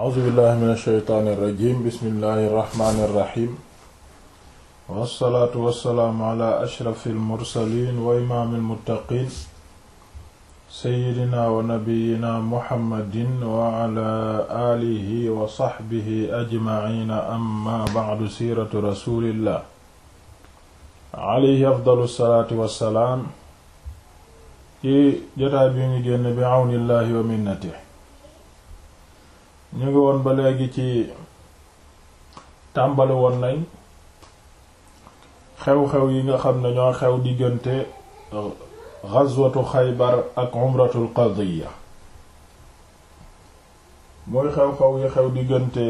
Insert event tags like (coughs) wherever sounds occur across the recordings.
a'uuzu billahi min ashaytaani irrajim bismillahi irrahmaani irrahim wassalaatu wassalaamu ala ashrafi almursalin wa imaami almuttaqin seyyidina wa nabiyina muhammadin wa ala aalihi wa saxbihi ajmaciina amma bacdu siiratu rasulillah alayhi afdalu salaatu wassalaam ci jotaay bi ñu génn bi awnillahi wa minnatihi ñu ngi woon ba léegi ci tàmbali woon nañ xew-xew yi nga xam ne ñoo xew diggante euh, ghazwatu xaybar ak umratul qadiya mooy xew-xew yi xew diggante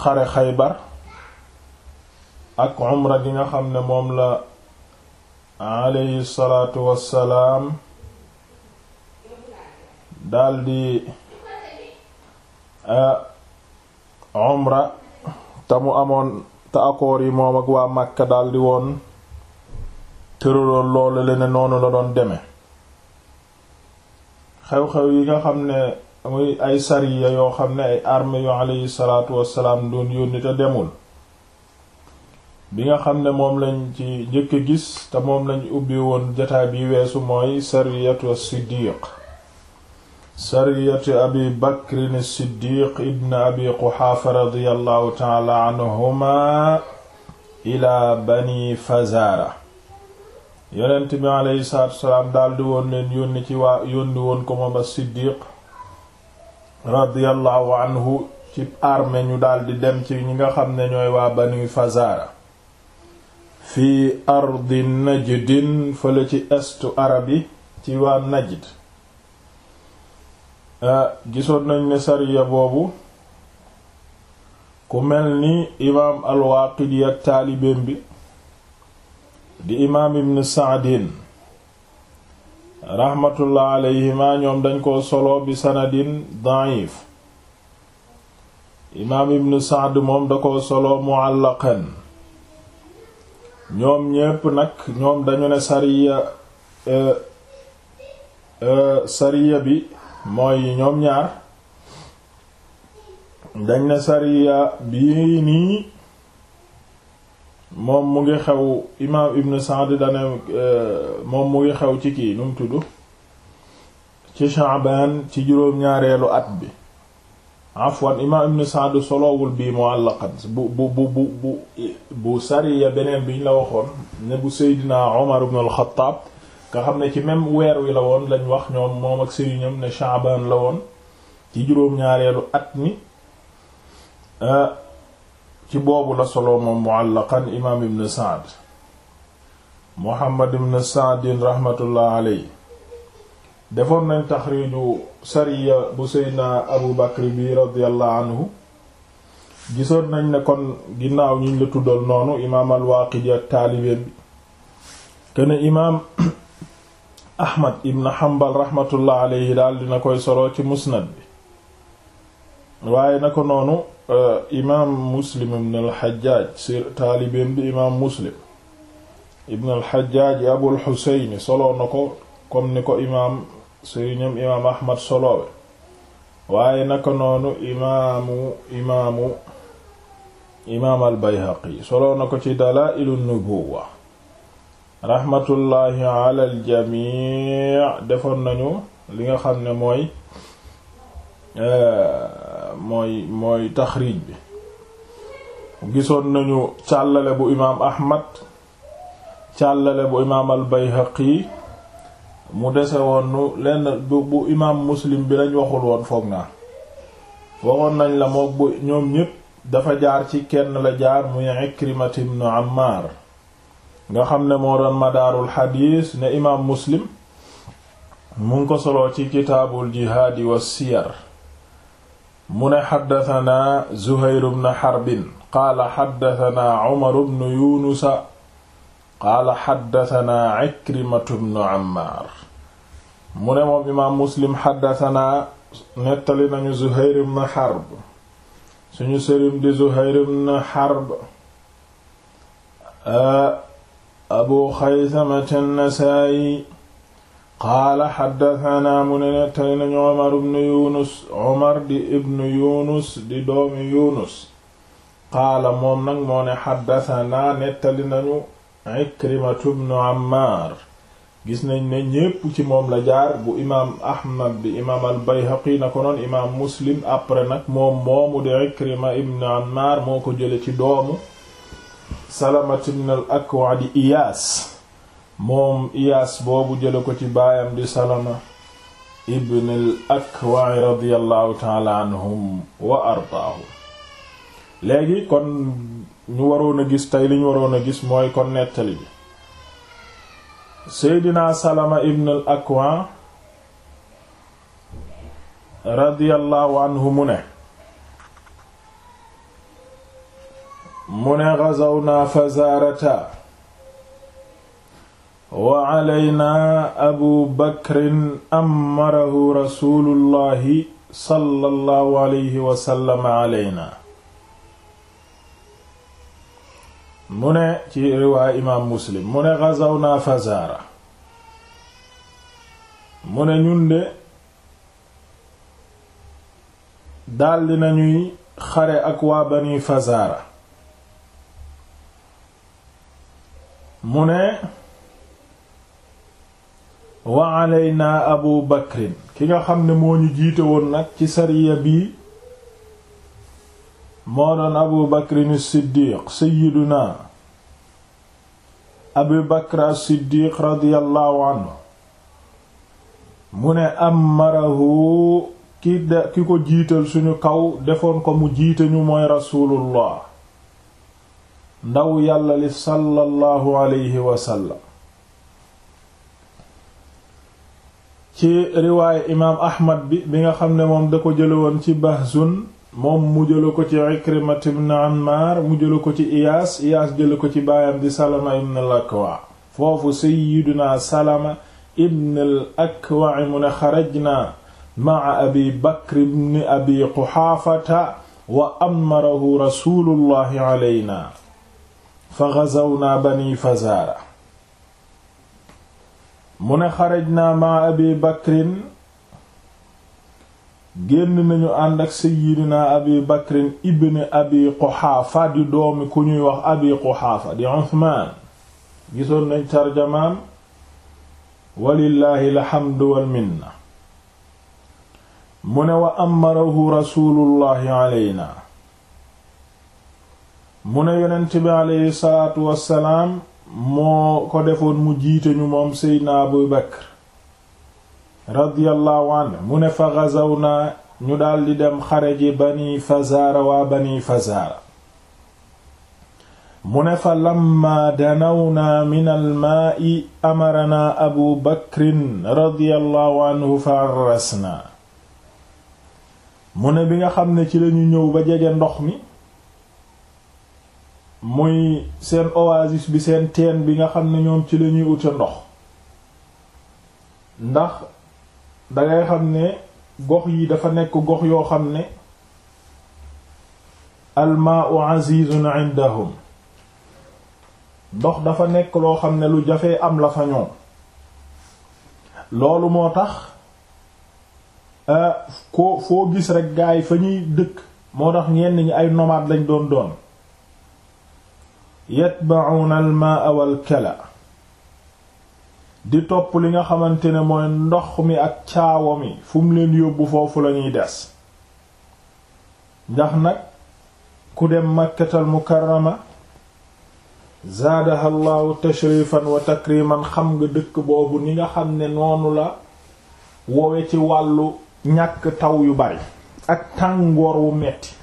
xare xaybar ak umra gi nga xam ne moom la alayhi salaatu wassalaam daldi umra euh, te mu amoon te accord yi moom ak waa Makka daldi woon tëraloon loolu la ne noonu la doon deme xew-xew yi nga xam ne muy ay sariya yoo xam ne ay armée yu alayhi salaatu wassalaam doon yónni te demul bi nga xam ne moom lañ ci njëkk a gis te moom lañ ubbi woon jataay bi weesu mooy sariyatu Siddiq sariyati abi bakrin siddiq ibn abi quxaafa radiyallahu taala anhuma ila bani fazaara daldi woon leen yónni ci waa yónni woon ko moom a siddiq radiyallahu anhu ci armée ñu daldi dem ci ñi nga xam ne ñooy waa bani fazaara fi ardi najdin fële ci estu arabi ci waa najd Ah, gisoon nañ ne sariya boobu ku mel ni imaam al-Waaqidi taalibeem bi di imaam ibn Sa'din raxmatullah alayhima ñoom dañ ko solo bi sanadin da'if imaam ibn Sa'd moom da ko solo mu'allaqan ñoom ñépp nag ñoom dañu ne sariya eh, eh, sariya bi mooy ñoom ñaar dañ na sariya bii nii moom mu ngi xew imaam ibn Sa'd dane euh, moom mu ngi xew ci kii num tudd ci Sha'ban ci juróom-ñaareelu at bi afwan imaam ibn Sa'd solowul bii mu'allaqan bu bu bu bu bu bu sariya beneen biñ la waxoon ne bu Seydina Omar ibn al nga xam ne ci même weer wi la woon lañ wax ñoom moom ak sëriñam ne Shaaban la woon ci juróom-ñaareelu at mi euh, ci boobu la solo moom mu'allaqan imaam ibn Sa'd Muhammad ibn Sa'd rahmatullah alayhi defoon nañ taxriiju sariya bu Seydina Abu Bakr bi radiyallahu anhu gisoon nañ ne kon ginnaaw ñiñ la tuddal noonu imaam al-Waaqidi ak taalibeen bi kene imaam ahmad ibn hanbal rahmatullah alayhi daal dina koy solo ci musnad bi waaye na ko noonu eh, imaam muslim ibn al-hajjaj sir taalibeem bi imaam muslim ibn al-hajjaj abul husayn solo na ko comme ni ko imaam sëriñam imaam ahmad solowe waaye na ko noonu imaamu imaamu imaam al-bayhaqi solo na ko ci dalaa'ilun nubuwwa rahmatullahi ala aljamii defoon nañu li nga xam ne mooy euh, mooy mooy taxriij bi gisoon nañu càllale bu imaam ahmad càllale bu imaam albayhaqi mu dese woon nu lenn bu imaam muslim bi lañ waxul woon foog naa waxoon nañ la mook bu ñoom ñépp dafa jaar ci kenn la jaar muy ikrimat ibnu ammaar nga xam ne moo doon madaarul xadiis ne imaam muslim mu ko soloo ci kitaabul jihaadi wa siyar mu ne xaddatanaa zuhayru bnu xarbin qaala xaddatanaa umaru mu ne moom imaam muslim xaddatanaa nettali nañu zuhayru bnu xarb suñu sërim di zuhayru bnu xarb abu xaytama an-nasaa'i qaala xaddatanaa mu ne nettali nañu omar ibnu yunus omar di ibnu yunus di doomi yunus qaala moom nag moo ne xaddatanaa nettali nañu ikrimatu bnu ammaar gis nañ ne ñépp ci moom la jaar bu imaam ahmad bi imaam al bayhaqi na ko noon imaam muslim après nag moom moomu di ikrima ibnu ammaar moo ko jële ci doomu salamat ibn al akwa di iyaas moom iyaas boobu jële ko ci baayam di salama ibn al akwa radiallahu taala anhum wa ardaahum léegi kon ñu waroon a gis tey li ñu waroon a gis mooy kon nettali bi seydina salama ibn al radiallahu anhu mu ne mu ne xazawna fazaarata wa calaynaa abu bakrin amarahu rasulullahi sallallahu alayhi wa sallam calaynaa mu ne ci riwaaya imaam muslim mu ne xazawna fazaara mu ne ñun de daldi nañuy xare ak waa bani fazaara mu ne wa alayna abu bakrin ki nga xam ne moo ñu jiite woon nag ci sariya bi moo doon abu bakrin siddiq sayyiduna abu bakr as-siddiq radiyallahu anhu mu ne am ki ki ko jiital suñu kaw defoon ko mu jiite ñu mooy rasulullah ndaw yàlla li sallallahu alayhi wa ci riwaaye imaam ahmad bi bi nga xam ne moom da ko jële woon ci bahzun moom mu jële ko ci ikrimat ibn ammar mu jële ko ci iyaas iyaas jële ko ci baayam di salama ibn al akwa foofu sayyiduna salama ibn mu ne xarajna maa abi bakr ibn abi quxaafata wa amarahu rasulullahi alayna fa xazawna bani fazaara mu ne xarajna ma abi bakrin génn nañu ànd ak seyyidina abi bakrin ibn abi quxaafa di doomi ku ñuy wax abi quxaafa di uthman gisoon nañ tarjamaam walillaahi alxamdu walminna mu ne wa amarahu rasuulullahi aleyna mu ne yonent bi aleyhi salaatu wassalaam moo ko defoon mu jiite ñu moom seydna abu bakr radiyallahu anhu mu ne fa ghazawna ñu daldi dem xare ji bani fazaara waa bani fazaara mu ne fa lamma danawna min almaai amarana abu bakrin radiyallahu anhu fa mu ne bi nga xam ne ci lañu ñëw ba jege ndox mi mooy seen oasis bi seen teen bi nga xam ne ñoom ci lañuy wute ndox ndax dangay xam ne gox yi dafa nekk gox yoo xam ne almaau azizun indahum ndox dafa nekk loo xam ne lu jafee am la fa ñoom loolu moo tax ko euh, foo gis rek gaay fa ñuy dëkk moo tax ñenn ñi ay nomade lañ doon doon yatba'una al-ma'a wal-kala di topp li nga xamante ne mooy ndox mi ak caawa mi fu mu leen yóbbu foofu lañuy des ndax nag ku dem makkatal mukarrama zaadaha llahu tashrifan wa takriman xam nga dëkk boobu ni nga xam ne noonu la woowe ci wàllu ñàkk taw yu bari ak tàngoor wu metti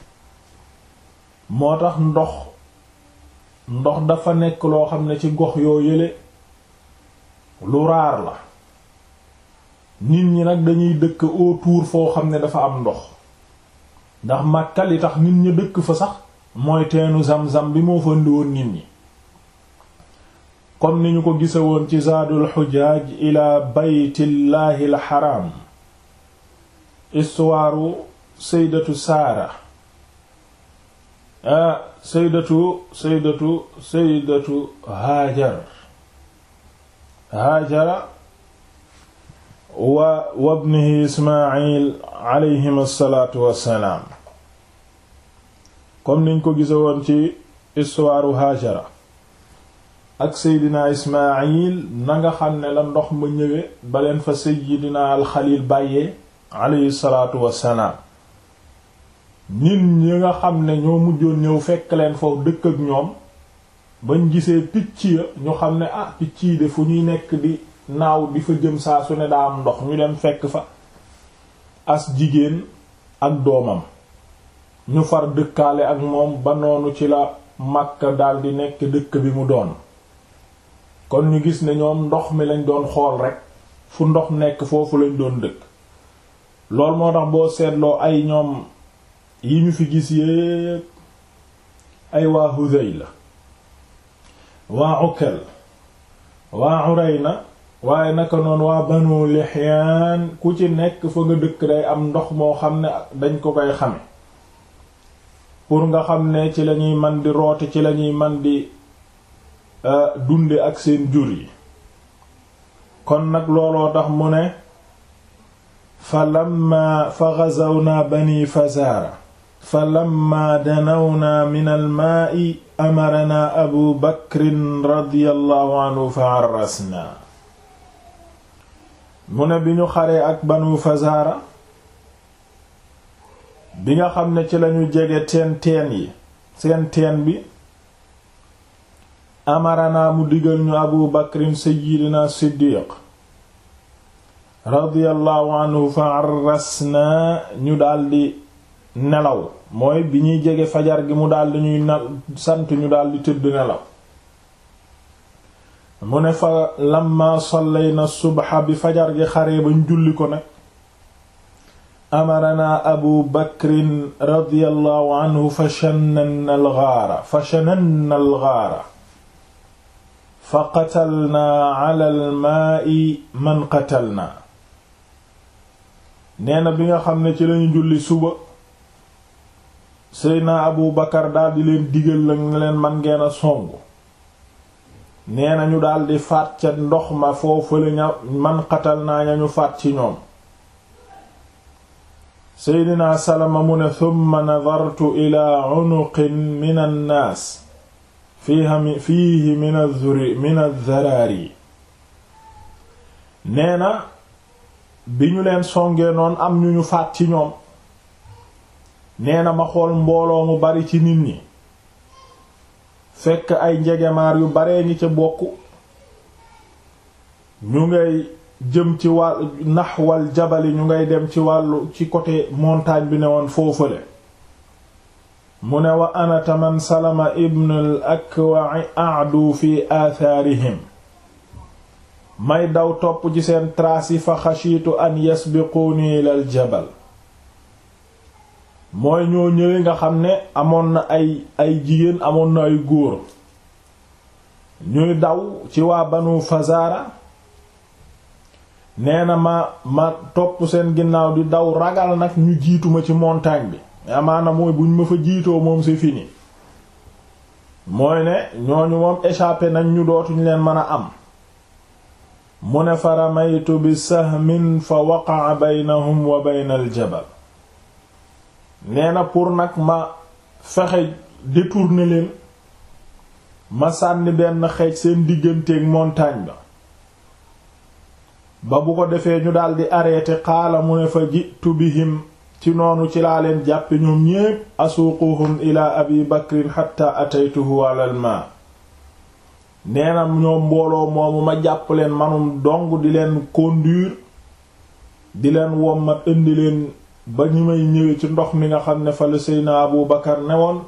moo tax ndox ndox dafa nekk loo xam ne ci gox yoo yële lu raar la nit ñi nag dañuy dëkk autour foo xam ne dafa am ndox ndax Makka li tax nit ñi dëkk fa sax mooy teenu zam-zam bi moo fa indi nit ñi kon ni ñu ko gise woon ci zaadul xujaaj ila baytillahi al xaram istuwaaru sëydatu saara saydatu saydatu saydatu haajar haajara wa wabnihi ismail alayhim asalaatu wassalaam comme niñ ko gise woon ci istuwaaru haajara ak seydina ismail na nga xam ne la ndox ma ñëwee baleen fa seydina alxalil bàyyee alayhi salaatu wassalaam nit ñi nga xam ne ñoo mujjoon ñëw fekk leen foofu dëkk ak ñoom bañ gisee picc ya ñu xam ne ah picc yi de fu ñuy nekk di naaw di fa jëm saa su ne daa am ndox ñu dem fekk fa as jigéen ak doomam ñu far dëkkaale ak moom ba noonu ci la Makka daldi nekk dëkk bi mu doon kon ñu gis ne ñoom ndox mi lañ doon xool rekk fu ndox nekk foofu lañ doon dëkk loolu moo tax boo seetloo ay ñoom yi ñu fi gis yépp ay waa Hudayla waa Ukkal waa Urayna waaye naka noonu waa Banu Lihyaan ku ci nekk fa nga dëkk day am ndox moo xam ne dañ ko koy xame pour nga xam ne ci lañuy man di rooti ci lañuy man di euh, dunde ak seen jur yi kon nag looloo tax mu ne fa lamma fa ghazawna Bani Fazaara falammaa danawnaa min almaai amaranaa abu bakrin radiyallahu anhu fa arrasnaa mu ne bi ñu xaree ak banu fazaara bi nga xam ne ci lañu jege teen teen yi seen teen bi amaranaa mu digal ñu abu bakrin sayyidina siddiq radiyallahu anhu fa arrasnaa ñu daldi nelaw mooy bi ñuy jege fajar gi mu daldi ñuy sant ñu daldi tëdd nelaw mu ne fa lamma sallayna suba bi fajar gi xaree bañ julli ko nag amarana abu bakrin radiyallahu anhu fa shananna algaara fa fa qatalna ala almaai man qatalna nee na bi nga xam ne ci lañu julli suba Seydina Abu Bakar daal di leen digal la ne leen man ngeen a nee na ñu daal faat ca ndox ma foofu la ña man xatal naa ña ñu faat ci ñoom. Seydina Salama mu ne thumma nadartu ila unuqin min annaas fiihi fiihi min nee na bi ñu leen songee noon am ñu ñu faat ci ñoom. nee na ma xool mbooloo mu bari ci nit ñi fekk ay njegemaar yu baree ngi ca bokk ñu ngay jëm ci wàll naxwal jabali ñu ngay dem ci wàllu ci côté montagne bi ne woon foofale mu ne wa anata man salama ak al akwa aadu fi athaarihim may daw topp ci seen trace yi fa xashiitu an yasbiquuni ilal jabal mooy ñoo ñëwee nga xam ne amoon na ay ay jigéen amoon na ay góor ñuy daw ci waa banu Fazara nee na ma ma topp seen ginnaaw di daw ragal nag ñu jiitu ma ci montagne bi amaana mooy buñ ma fa jiitoo moom c'est fini mooy ne ñooñu moom échappé nañ ñu dootuñ leen mën a am mu ne faramaytu bi sahmin fa waqaa baynahum wa baynal jabal nee na pour nag ma fexe détourner leen ma sànni benn xeej seen digganteeg montagne ba ba bu ko defee ñu daldi arrêté xaala mu ne fa jitu bihim ci noonu ci laa leen jàppe ñoom ñépp asuuquhum ila abi bakrin xatta ataytuhu alal ma nee na ñoom mbooloo moomu ma jàpp leen manum dong di leen conduire di leen wommat indi leen ba ni may ñëwee ci ndox mi nga xam ne fa la seyna Abu Bakar ne woon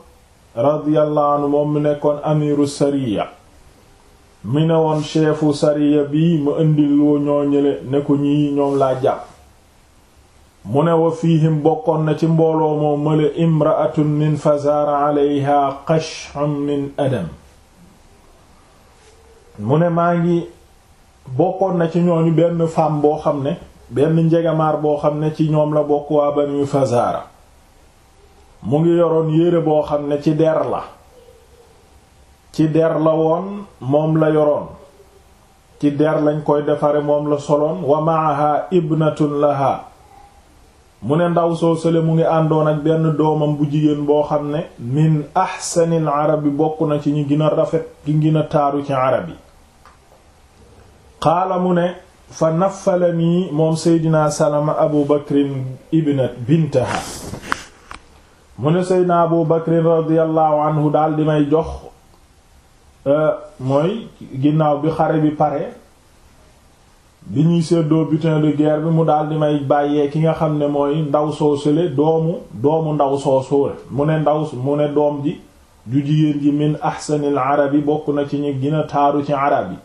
radiyallahu anhu moom mu nekkoon amiru sariya mi ne woon chefu sariya bi mu indil woo ñoo ñële ne ko ñii ñoom laa jàpp mu ne fii fiihim bokkoon na ci mbooloo moo male imraatun min fazaara aleyha qash'un min adam mu ne maa ngi bokkoon na ci ñooñu benn femme boo xam ne benn njegamaar boo xam ne ci ñoom la bokk waa Banu Fazaara mu ngi yoroon yére boo xam ne ci der la ci der la woon moom la yoroon ci der lañ koy defare moom la soloon wa maaha ibnatun laha mu ne ndaw soo sële mu ngi àndoon ak benn doomam bu jigéen boo xam ne min ahsanil bi bokk na ci ñi gën rafet gi gina taaru ci arab yi qaala ne fa naffalanii moom seydinaa salama abu bakrin ibna bintaha mu ne seydinaa abu bakrin radiallahu anhu daal di may jox euh, mooy ginnaaw bi xare bi pare bi ñuy seddoo butin de guerre bi mu daal di may bàyyee ki nga xam ne mooy ndaw soosule doomu doomu ndaw soosule mu ne ndaw mu ne doom ji ju jigéen ji min ahsanil arabi bokk na ci ñu gina a taaru ci arab yi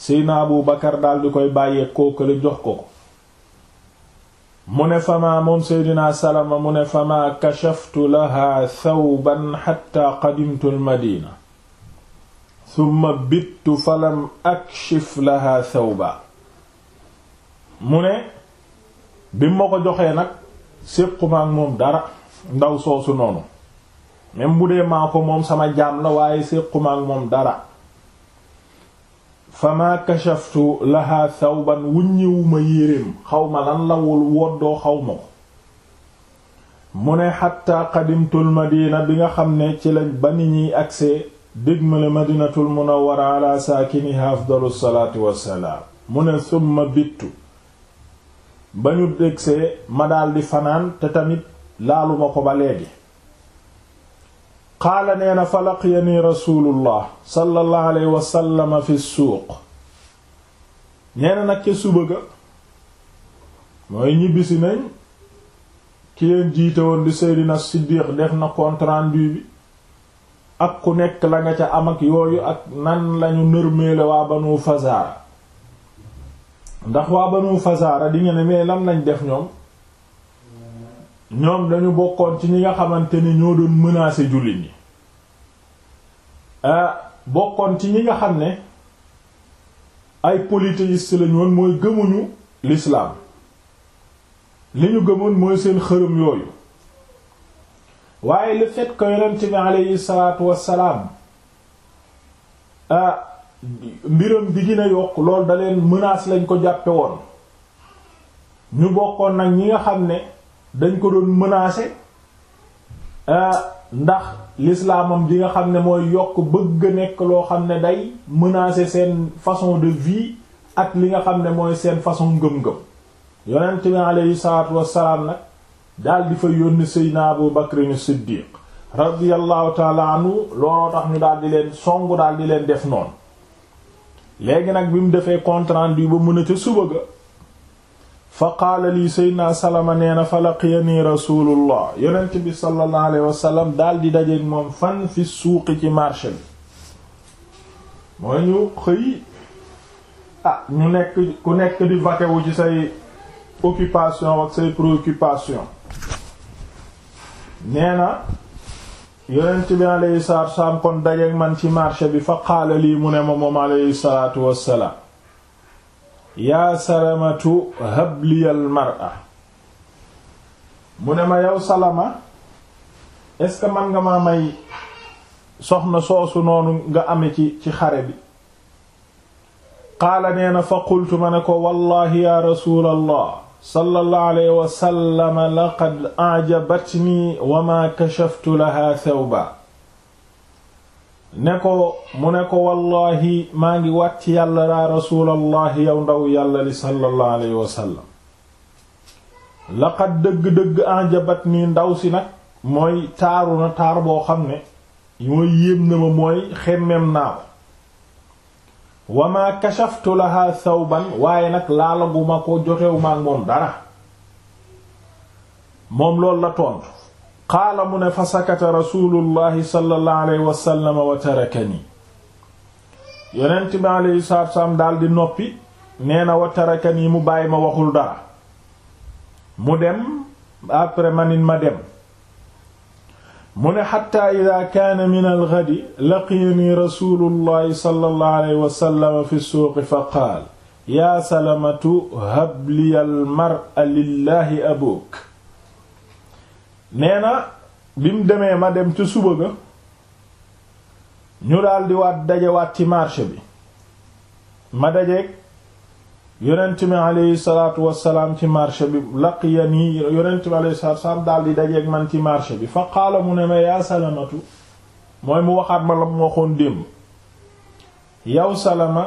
Seydina Abu Bakar daal di koy bàyyeeg kookale jox ko ko mu ne fama moom Seydina Salama mu ne fama kashaftu laha thawban hatta qadimtu al-Madina thumma bittu falam akshif laha thawba mu ne bi ma ko joxee nag séquma moom dara ndaw soosu noonu même bu dee maa ko moom sama jaam la waaye séquma moom dara fama kashaftu laha thawban wuññiwuma yéreem xawma lan lawul woddoo xawma ko mu ne xatta qadimtul madina bi nga xam ne ci lañ ba ni ñiy agsee dégmale madinatul munawwara ala saakiniha afdalu salaatu wassalaam mu ne summa bittu ba ñu dégsee ma daldi fanaan te tamit laaluma ko ba léegi qaala nee na fa laqiyani rasulullah sallallahu alayhi wasallama fi suuq nee na nag ca suba ga mooy ñibbisi nañ ki leen jiite woon di Seydina Siddiq def na compte rendu bi ak ku nekk la nga ca am ak yooyu ak nan lañu nërmeele waa Banu Fazaara ndax waa Banu Fazaara di nga ne mais lan lañ def ñoom ñoom dañu bokkoon ci ñi nga xamante ni ñoo doon menacer jullit ñi ah, bokkoon ci ñi nga xam ne ay polythéistes lañu woon mooy gëmuñu l'islam li ñu gëmoon mooy seen xërëm yooyu waaye le fait que ci bi aleyhi salaatu wassalaam ah mbiram di gën a yokk loolu da leen lañ ko jàppe woon ñu bokkoon nag ñi nga xam ne dañ ko doon menacer euh, ndax lislaamam bi nga xam ne mooy yokk bëgg a nekk loo xam ne day menacer seen façon de vie ak li nga xam ne mooy seen façon ngëm-ngëm yonent bi aleyhi salaatu wassalaam nag daal di fa yónni Seydina Abu Bakr as-Siddiq radiyallahu looloo tax ñu daal di leen songu daal di leen def noonu léegi nag bi mu defee compte rendu ba mën a ca suba ga fa qaala lii sayyidina salama nee na fa laqiyanii rasulullah yonent bi sallallahu alayhi wa sallam di dajeeg moom fan fi suuqi ci marché bi mooy ñu xëy ah ñu nekk ku nekk di vaquer wu ci say occupation ak say préoccupation nee na yonent bi alayhi salaatu wa salaam kon dajeeg man ci marché bi fa qaala lii mu ne ma moom alayhi salaatu wa yaa salamatu habliyal mar'a mu ne ma yow salama est-ce que man nga ma may soxna soosu noonu nga ame ci ci xare bi qaala nee na fa qultu ma ne ko wallahi ya rasulallah sallallahu alayhi wa sallam laqad a'jabatni wa ma kashaftu laha thawba ne ko mu ne ko wallaahi maa ngi wàcc yàlla daa rasuulallahi yow ndaw yàlla li sallallahu alayhi wa sallam laqad dëgg-dëgg anjabat nii ndaw si nag mooy taaru na taar boo xam ne mooy yéem na ma mooy xemmem naa ko wa maa kashaftu laha thawban waaye nag laalaguma ko jotewu maak moom dara moom loolu la tontu qaala mu ne fa sakata rasulullahi sallallahu alayhi wa sallam wa tarakani yonent bi alayhi salaatu salaam daldi noppi nee na wa tarakani mu bàyyi ma waxul dara mu dem après manin ma dem mu ne xatta ida kaana min algadi laqiyani rasulullahi sallallahu alayhi wa sallam fi suuqi fa qaal yaa salamatu habliya almara lillahi abuk nee na bi mu demee ma dem ca suba ga ñu daldi waat dajewaat ci marché bi ma dajeeg yonent mi aleyhi salaatu wassalaam ci marché bi laqiyani yonent mi aleyhi salaatu wassalaam daldi dajeeg man ci marché bi fa qaala mu ne ma yaa salamatu mooy mu waxaat ma la mu waxoon démb yow salama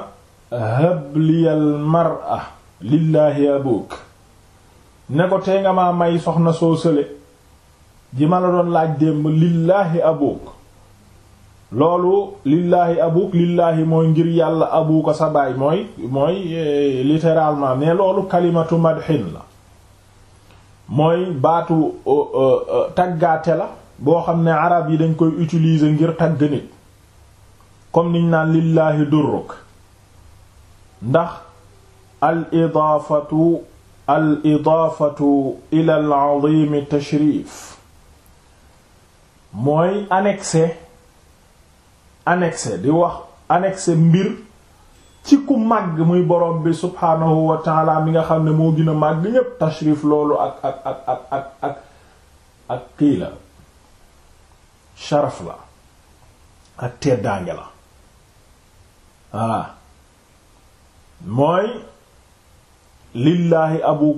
habliyal mar'a lillaahi abuk ne ko tee nga maa may soxna soo sële ji ma doon laaj démb lillaahi abuk loolu lillaahi abuk lillaahi mooy ngir yàlla abuka sa baay mooy mooy e, littéralement mais loolu kalimatu madhin la mooy baatu taggaate la boo xam ne arab yi dañ koy utiliser ngir tagg nit comme niñ naan lillaahi durruk ndax al idaafatu al idaafatu ila al azim tashrif mooy annexé annexé di wax annexé mbir ci ku màgg muy borom bi subhaanahu wa mi nga xam ne moo gën a màgg ñépp tashrif loolu ak ak ak ak ak ak ak kii la sharaf la ak teddaange la waa mooy lillaahi abuk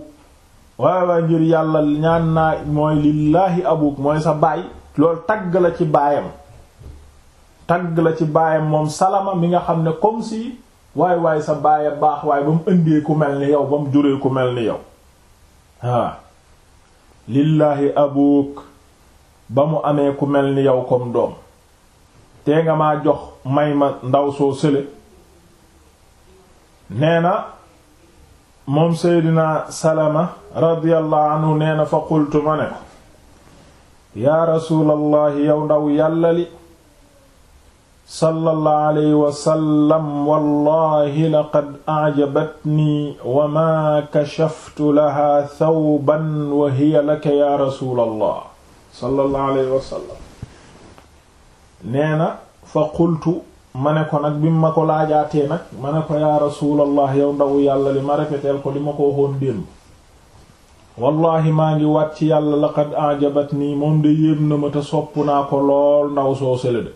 waaye waaye ngir yàlla ñaan naa mooy lillaahi abuk mooy sa baay lool tagg la ci baayam tagg la ci baayam moom salama mi nga xam ne comme si waay waay sa baaya baax waay ba mu indee ku mel ni yow ba mu juree ku mel ni yow ah lillaahi abuk ba mu amee ku mel ni yow comme doom te nga maa jox may ma ndaw soo sële nee na moom seydina salama radiyallahu anhu nee na fa qultu ma ne ko yaa rasuulallahi yow ndaw yàlla li sallallahu alayhi wasallam wallahi laqad ajabatnii wa maa kashaftu lahaa thawban wa hiya laka yaa rasuulallah sallallahu alayhi wasallam nee na fa qultu ma ne ko nag bi ma ko laajaatee nag ma ne ko yaa rasuulallah yow ndaw yàlla li ma rafetal ko li ma ko waxoon démb wallahi maa ngi ci yàlla laqad ajabat nii moom de yéem na ma te sopp naa ko lool ndaw soo sele de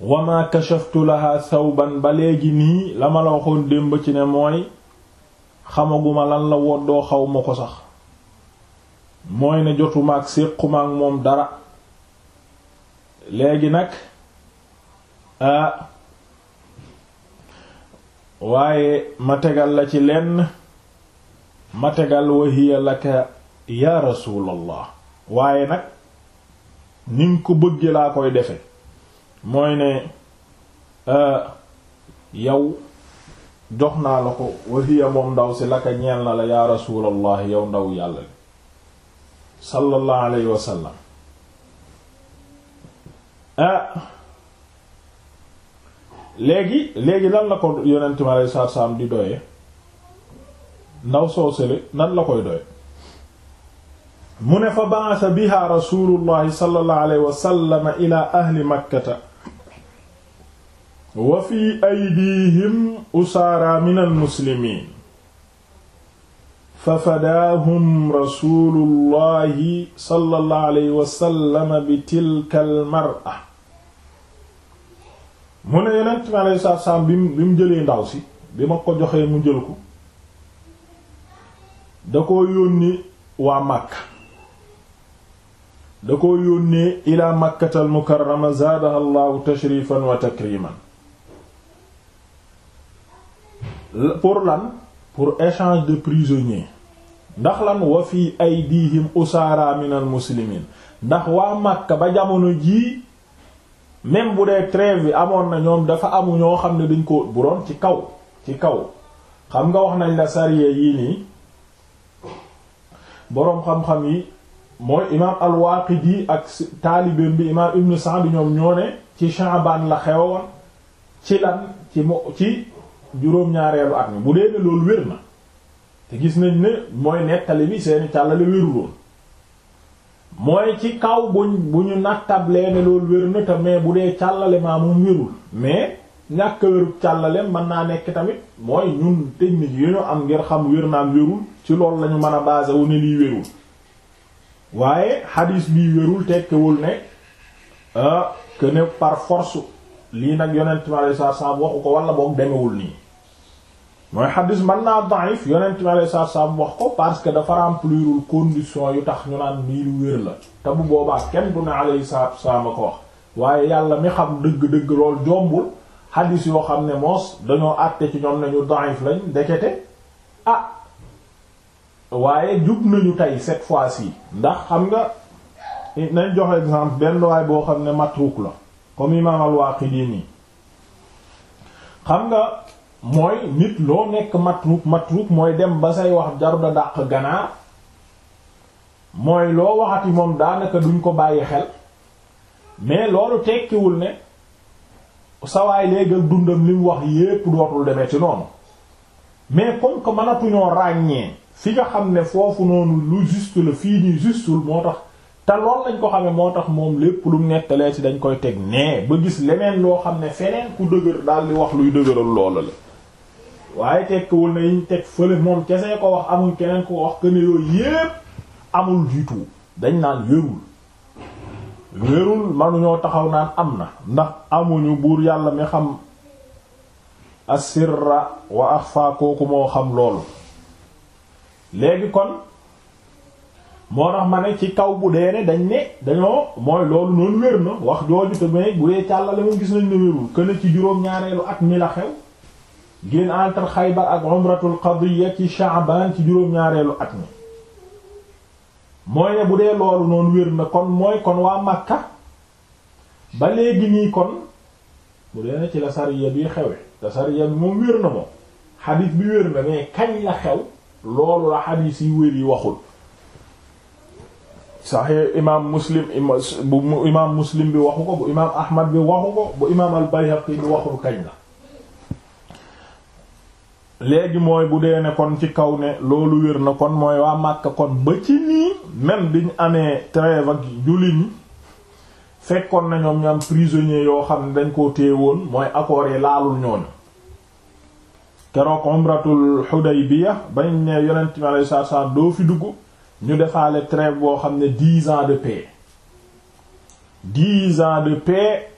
wama kashaftu laha thawban ba léegi nii la ma la waxoon démb ci ne mooy xamaguma lan la woddoo xaw ma ko sax mooy ne jotumaak ak moom dara léegi nag a waaye ma tegal la ci lenn ma tegal wa hiya laka waaye nag ni nga ko bëggee laa koy defe mooy ne euh, yow jox naa la ko wa moom ndaw si laka ñeel na la ya rasulallah yow ndaw yàlla li sallallahu alayhi wa ah, léegi léegi lan la ko yonent mi alayhi di doyee ndaw soo sele nan la koy doy mu ne fa ba'atha biha rasulullahi sallallahu alayhi wa sallam ila ahli makkata wa fi aydihim usaara min almuslimin fa fadaahum rasulullahi sallallahu alayhi wa bi tilka almar'a mu ne yonent mi alayhi salaam bi mu jëlee ndaw si bi ma ko joxee mu jël ko da koo yónni waa Makka da koo yónnee ilaa makkatal mukarrama zaadaha allahu tashrifan wa takriman pour lan pour échange de prisonniers ndax lan wa fi aydihim usaara minal muslimin ndax waa Makka ba jamono jii même bu dee trêve bi amoon na ñoom dafa amu ñoo xam ne dañ ko bu doon ci kaw ci kaw xam nga wax nañ la sariya yi nii boroom xam-xam yi mooy imaam al-Waaqidi ak taalibeem bi imaam Ibn Sa'd ñoom ñoo ne ci Sha'baan la xewoon ci lan ci mo ci juróom-ñaareelu at mi bu dee ne loolu wér na te gis nañ ne mooy nettali bi seeni càllale wéruloon mooy ci kaw bu ñu nattablee ne loolu wér na te mais bu dee càllale maa wérul mais ñàkk wérub càllale mën naa nekk tamit mooy ñun technique yu ñu am ngir xam wér naam wérul ci lool lañu mën a basé wu ne lii wérul waaye xadiis bii wérul tekkewul ne ah que ne par force lii nag yonent mi alayhi waxu ko wala boog demewul nii mooy xadiis mën naa daif yonent mi alayhi wax ko parce que dafa remplirul condition yu tax ñu naan nii lu wér la te bu boobaa kenn du ne alayhi salaam a wax waaye yàlla mi xam dëgg-dëgg lool jombul xadiis yoo xam ne moos dañoo àtte ci ñoom nañu daif lañ ndekete ah waaye jub nañu tey set fois-ci ndax xam nga nañ jox exemple benn waay boo xam ne matruk la comme imaam al-Waaqidi nii xam nga mooy nit loo nekk matruk matruk mooy dem ba say wax jaru da dàq ganaar mooy loo yi moom daanaka duñ ko bàyyi xel mais loolu tekkiwul ne sawaay léegal dundam li mu wax yépp dootul demee ci noonu mais comme que mënatuñoo ràññee fi nga xam ne foofu noonu lu juste la fii nii justul moo tax te lool lañ ko xamee moo tax moom lépp lu mu nettalee ci dañ koy teg nee ba gis leneen loo xam ne feneen ku dëgër daal di wax luy dëgëral loola la waaye tekkiwul na yiñ teg fële moom kesee ko wax amul keneen ko wax que ne yooyu yépp amul du dañ naan wérul wérul manuñoo taxaw naan am na ndax amuñu buur yàlla mi xam asirra wa axfa kooku moo xam loolu léegi kon moo tax ma ne ci kaw bu dee ne dañ ne dañoo mooy loolu noonu wér na wax jooju te mais bu dee càllale moom gis nañ ne wérul këne ci juróom-ñaareelu at mi la xew génn entre Xaybar ak umratul qadiya ci Sha'ban ci juróom-ñaareelu at mi mooy ne bu dee loolu noonu wér na kon mooy kon waa Makka ba léegi nii kon bu dee na ci la sariya bi xewe te sariya bi moom wér na moom xadiis bi wér na mais kañ la xew loolu la xadiis yi wér yi waxul saxee imaam muslim bu imaam muslim bi waxu ko bu imaam ahmad bi waxu ko bu imaam al bayhaqi bi waxul kañ la léegi mooy bu dee ne kon ci kaw ne loolu wér na kon mooy waa Makka kon ba ci nii même bi ñu amee trêve ak jullit ñi fekkoon na ñoom ñu am prisonnier yoo xam ne dañ koo téye woon mooy accords yi laalul ñooñu keroog umratul Hudaybiya bañ ne yonent mi alayhi salaatu salaam doo fi dugg ñu defaale trêve boo xam ne dix ans de paix dix ans de paix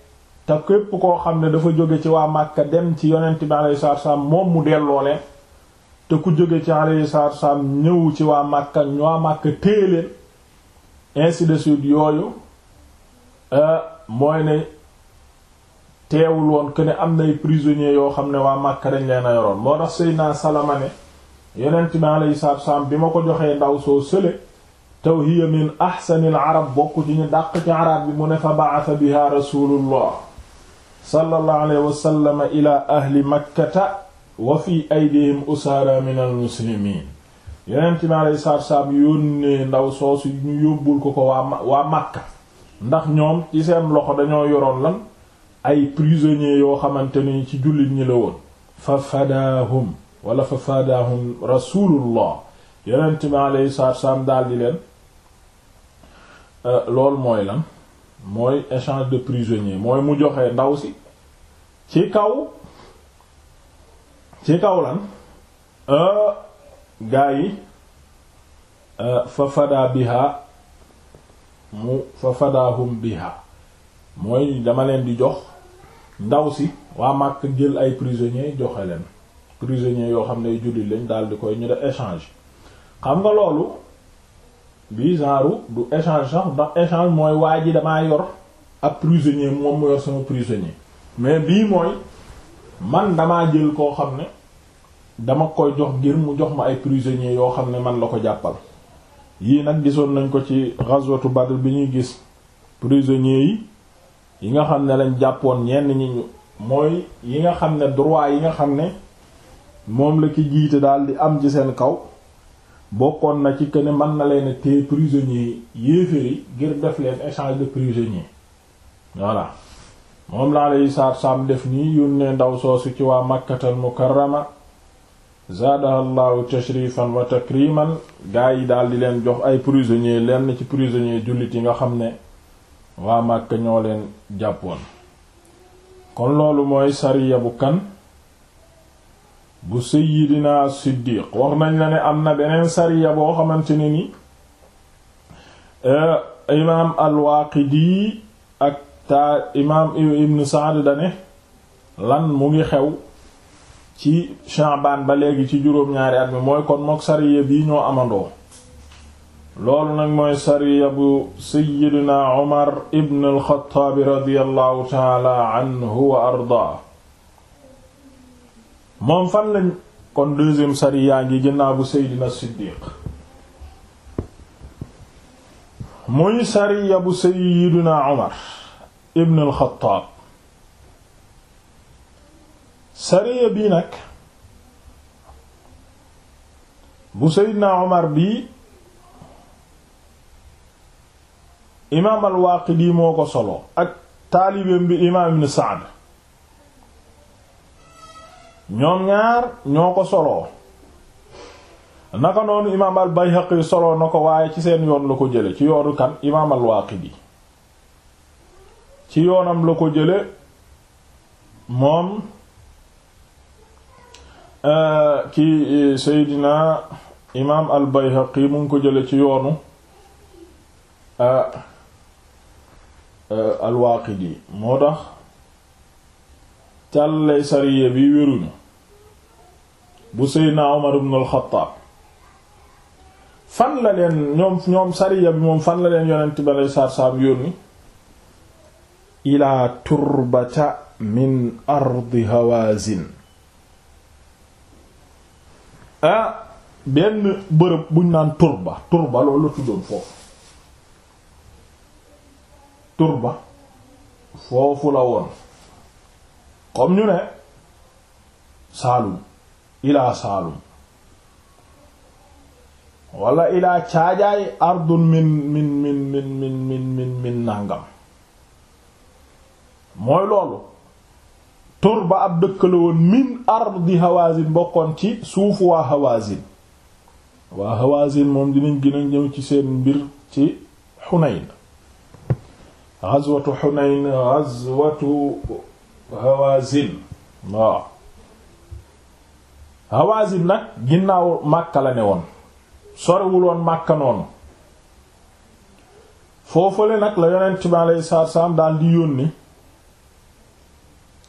te képp koo xam ne dafa jóge ci waa Makka dem ci yonent bi alayhi salaatu moom mu delloole te ku jóge ci alayhi salaatu wasalaam ñëw ci waa Makka ñu waa Makka téye leen ainsi de suite yooyu euh, mooy ne teewul woon que ne am nay prisonniers yoo xam ne waa Makka dañ leen a yoroon moo tax Seydina Salama ne yonent bi alayhi salaatu wasalaam bi ma ko joxee ndaw soo sële taw hiya min ahsanil arab bokk ci ñu dàq ci arab bi mu ne fa ba'atha biha rasulullah sallallahu alayhi wa sallam ila ahli makkata wa fi aydihim usaara min al muslimiin yeneen ci maa lay yónnee ndaw soosu ñu yóbbul ko ko waa Makka ndax ñoom ci seen loxo dañoo yoroon lan ay prisonniers yoo xamante ni ci jullit ñi la woon fa fadaahum wala fa fadaahum rasulullah yeneen ci maa lay saab-saab leen euh, loolu mooy lan mooy échange de prisonniers mooy mu joxe ndaw si ci kaw ci kaw lan gaa yi fa fadaa biha mu fa fadaahum biha mooy dama leen di jox ndaw si waa Makka jël ay prisonniers joxe leen prisonniers yoo xam ne jullit lañ daal di koy ñu def échange xam nga loolu bi genre du échange sax ndax échange mooy waa ji damaa yor ab prisonnier moom mu yor sama prisonnier mais bii mooy man damaa jël koo xam ne dama koy jox ngir mu jox ma ay prisonniers yoo xam ne man la ko jàppal yii nag gisoon nañ ko ci ghazwatu Badr bi ñuy gis prisonniers yi yi nga xam ne lañ jàppoon ñenn ñi mooy yi nga xam ne droit yi nga xam ne moom la ki jiite daal di am ci seen kaw bokkoon na ci que ne mën na leen téye prisonniers yi yéeféri ngir def leen échange de prisonniers voilà moom laa lay saat sam def nii yónnee ndaw soosu ci waa Makkatal Mukarrama zaadahallahu tashrifan wa takriman gaa yi daal di leen jox ay prisonniers lenn ci prisonniers jullit yi nga xam ne waa Màkka ñoo leen jàppoon kon loolu mooy sariya bu kan bu Seyyidina Siddiq wax nañ la ne am na beneen sariya boo xamante ni ni eh, imaam al-Waaqidi ak ta imaam Ibn Sa'd dane lan mu ngi xew ci Sha'ban ba léegi ci juróom-ñaari at mi mooy kon mook sariya bii ñoo amandoo lool nag mooy sariya bu Seyyidina Umar ibn al-Khattab radiyallahu ta'ala anhu wa ardaa moom fan lañ kon deuxième sariya ngi ginnaaw bu Seyyidina Siddiq muy sariya bu Seyyidina Umar sariya bii nag bu Seydina Omar bii imaam al-Waaqidi moo ko solo ak taalibeem bi imaam Ibn Sa'd ñoom ñaar ñoo ko soloo naka noonu imaam al-Bayhaqi soloo na ko waaye ci seen yoon la ko jële ci yoonu kan imaam al-Waaqidi ci yoonam la ko jële moom Euh, kii eh, Seydina imaam al-Bayhaqi mu ngi ko jële ci yoonu euh, euh, al-Waaqidi moo tax càllay sariya bi wéruñu bu Seydina Umar ibn al-Khattab fan la leen ñoom ñoom sariya bi moom fan la leen yonent ba lay saar-saam yónni ilaa turbata min ardi Hawazin ah benn bërëb buñ naan turba turba loolu la tuddoon foofu turba foofu la woon comme ñu ne Saalum ilaa Saalum wala ilaa caajaay ardun min min min min min min min min nàngam mooy loolu ba ab dëkk la ardi hawazin bokkoon ci suufu waa hawazin waa hawazin moom dinañ gën a ñëw ci seen mbir ci xunayn ghazwatu xunayn ghazwatu hawazin hawazin nag ginnaaw màkka la ne woon sorewuloon màkka noonu foofale nag la yonent bi alayhi salaam daal di yónni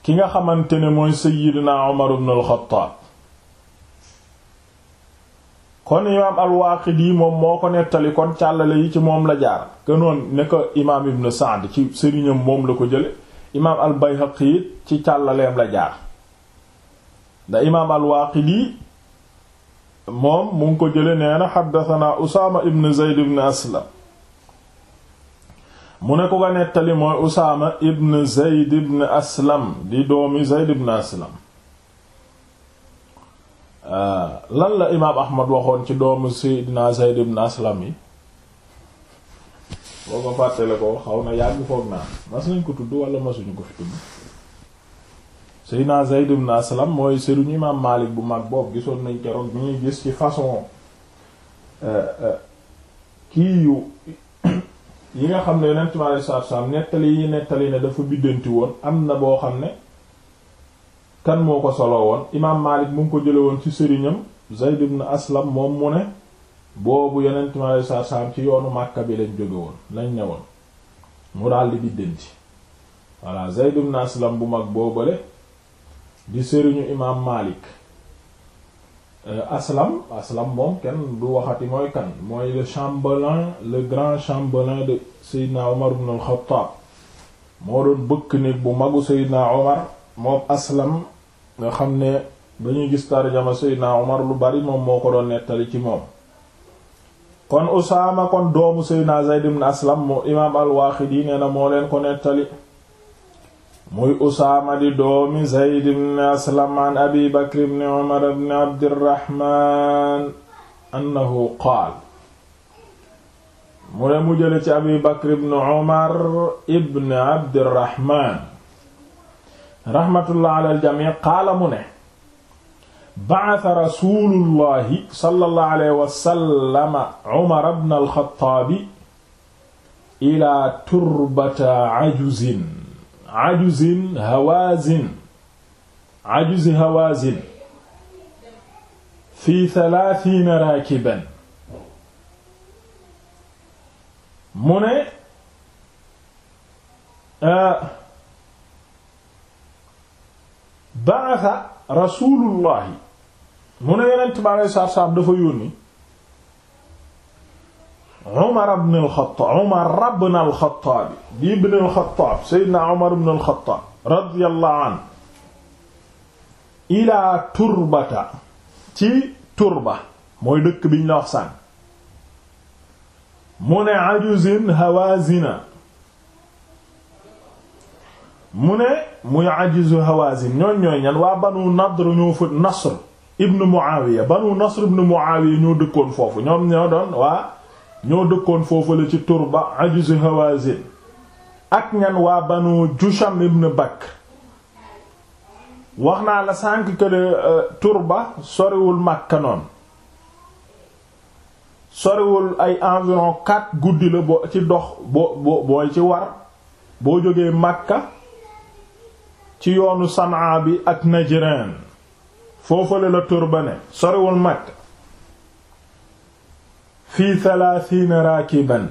ki nga xamante ne mooy Seyyidina Umar ibn al-Khattab kon imaam al-Waaqidi moom moo ko nettali kon càllale yi ci moom la jaar ke noon ne ko imaam Ibn Sa'd ci sëriñam moom la ko jële imaam al-Bayhaqi ci càllaleem la jaar da imaam al-Waaqidi moom mu ngi ko jële nee na xaddasanaa Usaama ibn Zayd ibn Aslam mu ne ku ko nettali mooy usaama ibn zayd ibn aslam di doomi zayd ibn aslam ah, lan la imaam ahmad waxoon ci doomu seydina zayd ibn aslam yi boo ko fàttale ko xaw na yàgg foog naa mas ko tudd wala masuñu ko fi tudd seydina zayd ibn aslam mooy sëriñu imaam maalik bu mag boobu gisoon nañ keroog bi ñuy gis ci façon eh, eh, kii yi nga xam ne yonent mi alayhi salaatu salaam nettali yi nettali ne dafa biddanti woon am na boo xam ne kan moo ko solo woon imaam Maalik mu ko jële woon ci sëriñam Zayd na Aslam moom mu ne boobu yonent mi alayhi salaatu salaam ci yoonu Màkka bi lañ jóge woon lañ ne woon mu daal di biddanti voilà Zayd ibn Aslam bu mag boobale di sëriñu imaam Maalik Euh, aslam aslam moom kenn du waxati mooy kan mooy le chambellan le grand chambellan de Seydina Omar ibn al-Khattab moo doon bëkk néeg bu magu Seydina Omar moom aslam nga xam ne dañuy gis tarjama Seydina Omar lu bari moom moo ko doon nettali ci moom kon Usaama kon doomu Seydina Zayd ibn Aslam moo imaam al-Waaqidi nee na moo leen ko nettali muy usaama di doomi zayd ibn aslam an abi bakr ibn umar ibn abdirahman annahu qaal mu ne mu jële ci abi bakr ibn umar ibn abdirahman rahmatullah ala aljami qaala mu ne ba'atha rasulullahi sallallahu alayhi wa sallam umar ibn alxattaabi ila turbata ajuzin ajuzin hawazin ajuzi hawazin fi thalaathiina raakiban mu ne ba'atha rasuulullahi mu ne yonent bi alayhi salaatu wa salaam dafa yónni Umar ibn al-Khattab Umar ibn al-Khattab ibn al-Khattab Seydina Umar ibn al-Khattab radiyallahu anhu ilaa turbata ci turba mooy dëkk biñ la wax sànn mu ne ajuzin hawazina mu ne muy ajizu hawazin ñooñ ñooy ñan waa banu nadr ñoo fa nasr ibn muawiya banu nasr ibn muawiya ñoo dëkkoon foofu ñoom ñoo doon waa ñoo dëkkoon foofale ci turba ajuz hawazin ak ñan waa banu jusham ibn bakr wax naa la sànq que euh, turba soriwul Makka noonu soriwul ay environ quatre guddi la boo ci dox boo booy ci war boo jógee Makka ci yoonu Sanaa bi ak Najran foofale la turba ne soriwul Makka fii thalathina rakiban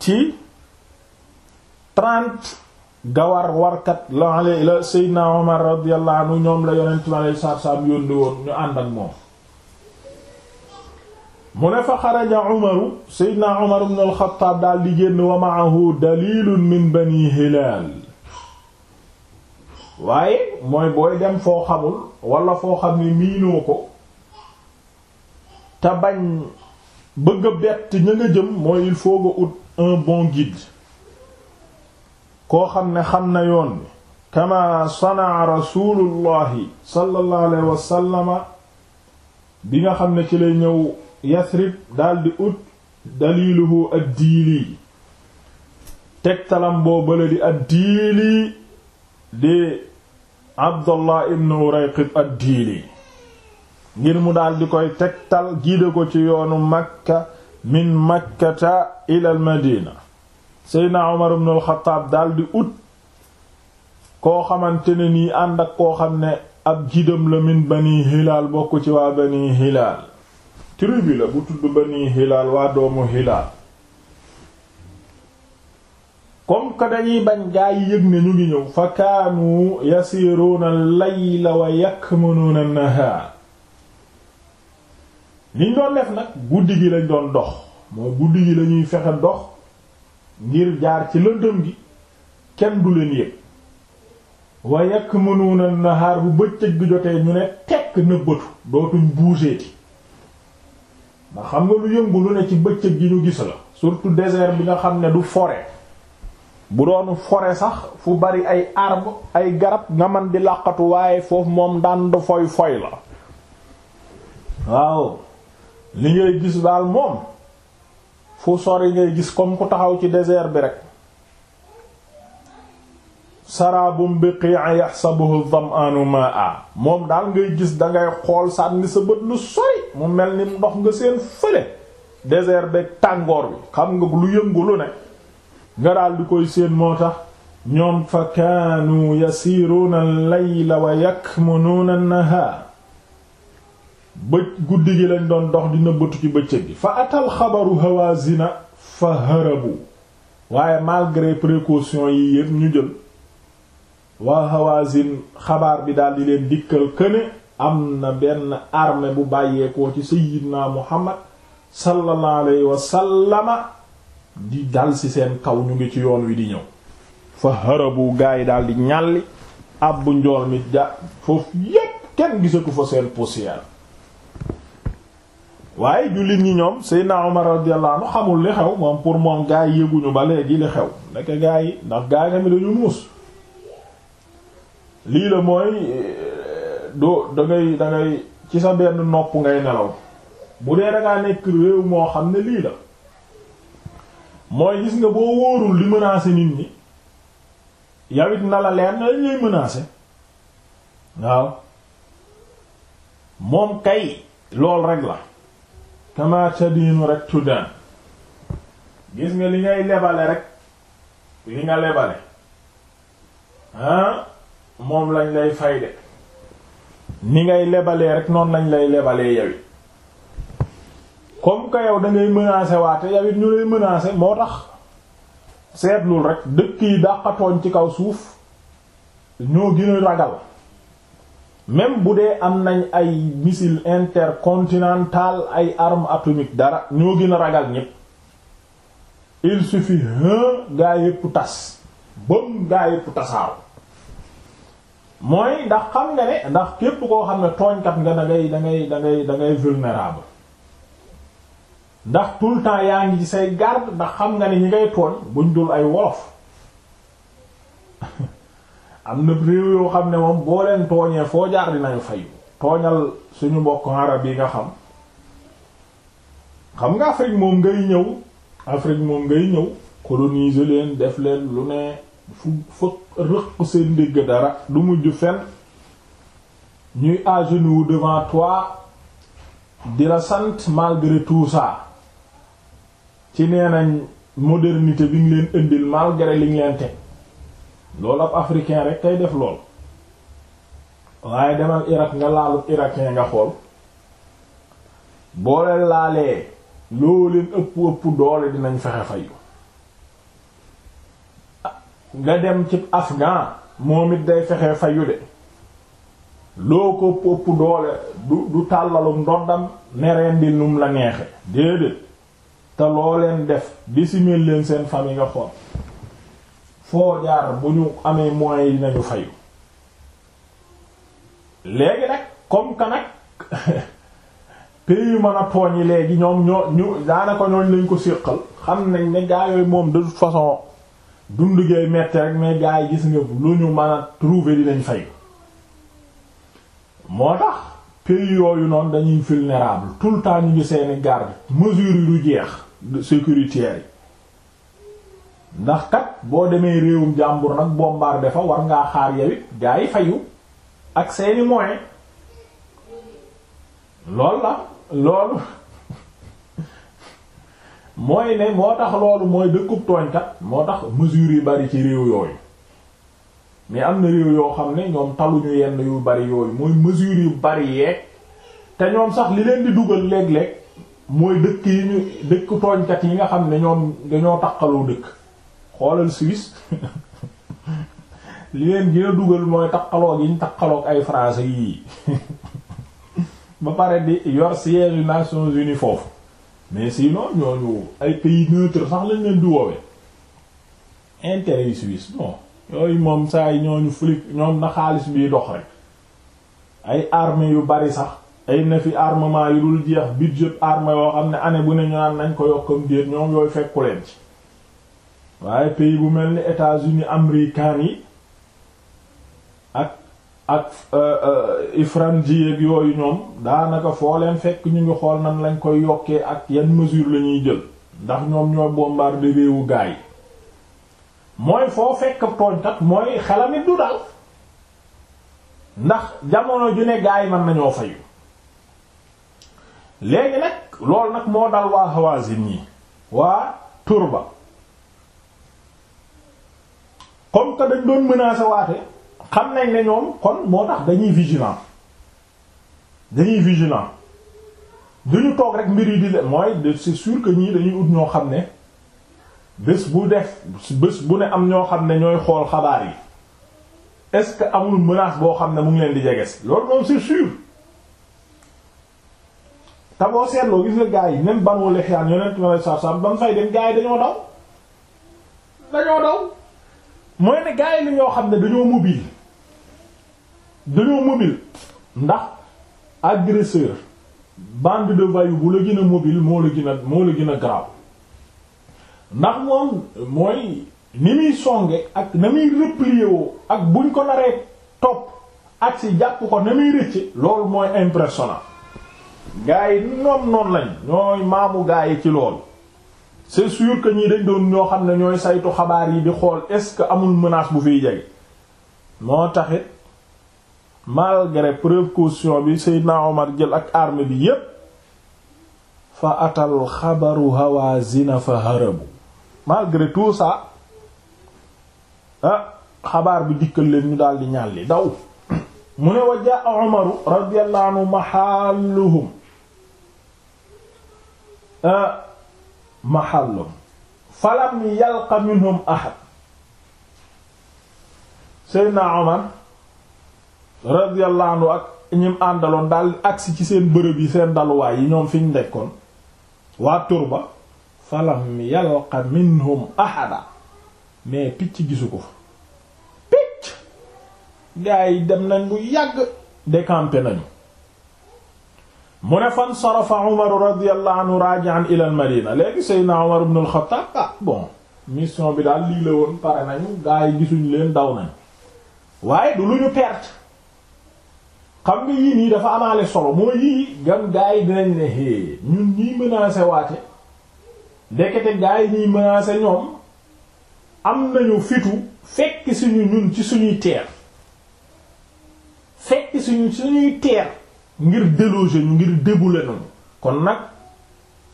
ci trente gawar warkat la ale la Seydina ñoom la yonent mi alei yónni woon ñu ànd moom mu ne fa xaraja Umaru Seydina Umar ibn al daal di génn wa maahu dalilun min bani Hilal waaye mooy booy dem foo xamul wala foo xam ne miinoo ko te bañ bëgg a bett ña nga jëm mooy il faut ut un bon guide koo xam ne xam na yoon bi kama sanaa rasulullahi sallallahu alayhi wasallama bi nga xam ne ci lay ñëw yasrib daldi ut daliluhu ad teg tegtalam boo bale di ad-diili abdullah ibn urayqib ad ngir mu daldi di koy tegtal giida ko ci yoonu makka min makkata ilal madina seydna umar ibn al-Khattab daal ut koo xamante ne nii ànd ak koo xam ne ab giidam la min bani hilaal bokk ci waa bani hilaal tribu bu tudd bani hilaal waa doomu hilaal comme que dañuy bañ gaa yi yëg ne ñu ngi ñëw fa kaanu yasiruuna al-layla wa yakmunuuna an-nahaar niñ doon def nag guddi gi lañ doon dox mooy guddi gi lañuy fexe dox ngir jaar ci lëndëm gi kenn du leen yëg wa yakmununa nahaar bu bëccëg bi jotee ñu ne tekk nëbbatu dootuñ buuseeti ndax xam nga lu yëngu lu ne ci bëccëg gi ñu gis la surtout désert bi nga xam ne du forêt bu doon fore sax fu bari ay arbre ay garab nga man di làqatu waaye foofu moom daan du foy foy la waaw li ngay gis daal moom fu sori ngay gis comme ku taxaw ci désert bi rek sarabum biqi'a yahsabuhu dham'anu ma'a moom daal ngay gis dangay xool sànni sa bët lu sori mu mel ni ndox nga seen fële désert beeg tàngoor bi xam nga lu yëngu lu ne nga daal di koy seen moo tax ñoom fa kaanu yasiruuna al-layla wa yakmunuuna an-nahaar ba guddi gi lañ doon dox di nëbbatu ci bëccëg gi fa atal xabaru hawazina fa hërabu waaye malgré précaution yi yépp ñu jël waa hawazin xabaar bi daal di leen dikkal këne am na benn armée bu bàyyeekoo ci sayyidna muhammad sallallahu alayhi wa di dal ci seen kaw ñu ngi ci yoon wi di ñëw fa hërabu gaay daal di ñàlli àbbu njool mi ja foofu yépp kenn gisatu fa seen poussière waaye jullit ñi ñoom Seydina Omar radiyallahu anhu xamul li xew moom pour moom gaa yi yëguñu ba léegi li xew nekk gaa yi ndax gaa yi tamit dañu muus lii la mooy doo dangay dangay ci sa benn nopp ngay nelaw bu dee dangaa nekk réew moo xam ne lii la mooy gis nga boo wóorul li menacer nit ñi yawit na la leer na lañ waaw moom kay lool rek la kama tadinu rek tudan gis nga li ngay lebale rek li nga lebale moom lañ lay fay ni ngay lebalee rek noonu lañ lay lebalee yawi comme que yow da ngay menacer waate yawit ñu lay menacer moo tax seetlul rek dëkk yi dàqatooñ ci kaw suuf ñoo gën ragal même bu dee am nañ ay missile intercontinental ay arme atomique dara ñoo gën a ragal ñépp il suffit un gaa yépp tas bam gaa yépp tasaaw mooy ndax xam nga ne ndax képp koo xam ne tooñkat nga da ngay da ngay dangay dangay da vulnérable ndax tout le temps yaa ngi ci say garde ndax xam nga ne ñi ngay tooñ buñ dul ay wolof (laughs) am na réew yoo xam ne moom boo leen tooñee foo jaar dinañu fay tooñal suñu mbokk arab yi nga xam xam nga Afrique moom ngay ñëw Afrique moom ngay ñëw coloniser leen def leen lu ne fu fa rëq seen dégg dara du mujj fen ñuy à genoux devant toi di la sant malgré tout ça ci nee nañ modernité bi ñu leen indil malgré li ñu leen teg lool ab africain rek kay def lool waaye demal Irak nga laalu irakien nga xool boo leen laalee loo leen ëpp ëpp doole dinañ fexe fayu ah, nga dem ci afghan moom it day fexe fayu de loo ko ëpp ëpp doole du du tàllalum ndoddam nereen di la neexe déedéet te loo leen def dissimule leen seen famille nga xool foo jaar bu ñu amee moyens yi nañu fayu léegi nag comme que nag (laughs) yu mën a tooñ léegi ñoom ñoo ñu daanaka ñooñ lañ ko séqal xam nañ ne gaa moom de toute façon dund gay metti rek mais gaa yi gis nga lu ñu mën a trouver dinañ fayu moo tax pays yooyu noonu dañuy vulnérable tout le temps ñu ngi seeni garde mesures yu du jeex sécuritaires yi ndax kat boo demee réewum jàmbur nag bombardé fa war ngaa xaar yawit gaa yi fayu ak seeni moyens lool la loolu (laughs) mooy ne moo tax loolu mooy dëkkub tooñkat moo tax mesures yu bari ci réew yooyu mais am na réew yoo xam ne ñoom taluñu yenn yu bari yooyu mooy mesures yu bari yee te ñoom sax li leen di dugal léeg-léeg mooy dëkk yi ñu dëkk tooñkat yi nga xam ne ñoom dañoo taqaloo dëkk xoolal Suisse (laughs) li leen gën dugal mooy taqaloog yi ñu taqaloog ay france yii (laughs) ba pare di yor siège yu Nations Unies foofu mais sinon ñooñu ay pays neutre sax lañ leen di woowee intérêt yu Suisse non yooyu moom saa yi ñooñu flic ñoom na xaalis bii dox rek ay armée yu bari sax ay na fi armement yu dul jeex budget armée yoo xam ne année bu ne ñu naan nañ ko yokkam déet ñoom yooyu fekku leen ci. waaye pays bu mel ni États-Unis américains yi ak ak euh, ifranji ak yooyu ñoom daanaka foo leen fekk ñu ngi xool nan lañ koy yokkee ak yan mesure la ñuy jël ndax ñoom ñoo bombarder réewu gaay mooy foo fekk tooñkat mooy xelamit du daal ndax jamono ju ne gaay mën nañoo fayu léegi nag loolu nag moo dal waa Hawazin yi waa Turba comme que dañ doon menacer waate xam nañ ne ñoom kon moo tax dañuy vigilant dañuy vigilant duñu toog rek mbir yu di le mooy c'est sûr que ñii dañuy ut ñoo xam ne bés bu def bés bu ne am ñoo xam ne ñooy xool xabaar yi est-ce que amul menace boo xam ne mu ngi leen di jeges loolu moom c'est sûr te boo seetloo gis nga gaa yi même ban wala xiyaan yonent ma lay saabsaab ba fay dem gaa dañoo daw dañoo daw. mooy ne gars yi la xam ne dañoo mobile dañoo mobile ndax agresseur bande de voyous bu la gën a mobile moo la gën a moo la gën a grave ndax moom mooy ni muy songe ak na muy replier ak buñ ko naree topp ak si jàpp ko na muy rëcc loolu mooy impressionnant gars yi noom lañ ñooy maamu gars yi ci loolu c'est sûr que ñii dañ doon ñoo xam ne ñooy saytu xabaar yi di xool est-ce que amul menace bu fiy jege moo taxit malgré précaution bi Seydina Omar jël ak armée bi yépp fa atal xabaru Hawazin fa harabu malgré tout ça ah xabaar bi dikkal leen ñu daal di ñàlli daw mu ne wa jaa Umaru radiyallahu anhu mahaaluhum ah, mahallum falam yalqa minhum ahad Seydina Omar radiyallahu anhu ak ñim àndaloon daal agsi ci seen bërëb yi seen daluwaay yi ñoom fi ñu nekkoon waa turba falam yalqa minhum ahada mais picc gisu ko fa picc gaa yi dem nañ bu yàgg décampé nañu mu ne fan sarafa Umar radiyallahu anhu raji'an ila al-Madina léegi Seydina Umar ibn al ah bon mission bi daal lii la woon pare nañu gaa yi gisuñu leen daw nañ waaye du lu ñu perte xam nga yii nii dafa amaale solo moo yii gan gaa yi dinañ ne hé ñun ñii menacé waate ndekete gaa yi ñuy menacé ñoom am nañu fitu fekk suñu ñun ci suñuy teer fekk suñu suñuy teer ngir déloger ngir débouler nañu kon nag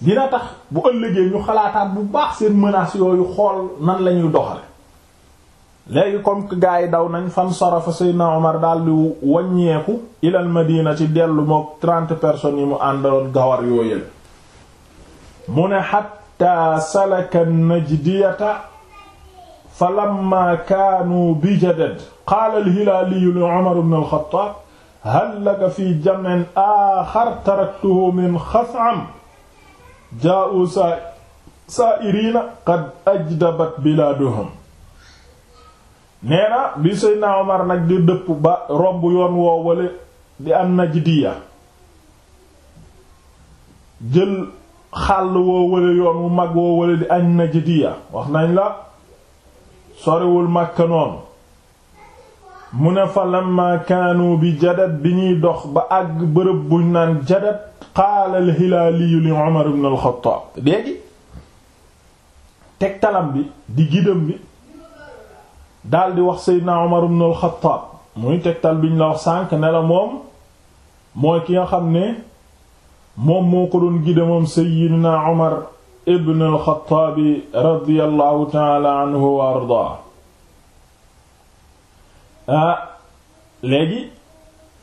dina tax bu ëllëgee ñu xalaataan bu baax seen menaces yooyu xool nan lañuy dox doxale léegi comme que gars yi daw nañ fan sarafa Seydina Omar daal di wàññeeku ilal Madina ci dellu mook trente personnes yi mu àndaloon gawar yooyu la mu ne xatta salaka najdiyata falamma kaanu bijadad qaala al-Hilaali li Umar ibn al hal laka fi jam'in aaxar taraktuhu min xas'am jaa'u saa'iriina qad ajdabat bilaaduhum nee na bi Seydina Omar nag di dëpp ba romb yoon woo wale di am najdiya jël xàll woo wale yoon wu mag woo wale di am najdiya wax nañ la sorewul Makka noonu mu ne fa lamma kaanu bi jadad bi ñuy dox ba àgg bërëb bu naan jadad qaala al hilaaliyu li Umar ibn al Xattaab léegi tegtalam bi di gidam bi daldi wax Seydina Umar ibn al Xattaab muy tegtal biñ la wax sànk ne moom mooy ki nga xam ne moom moo ko gidamam Seydina Umar ibn al Xattaab radiyallahu ta'ala anhu wa ardaa Ah, léegi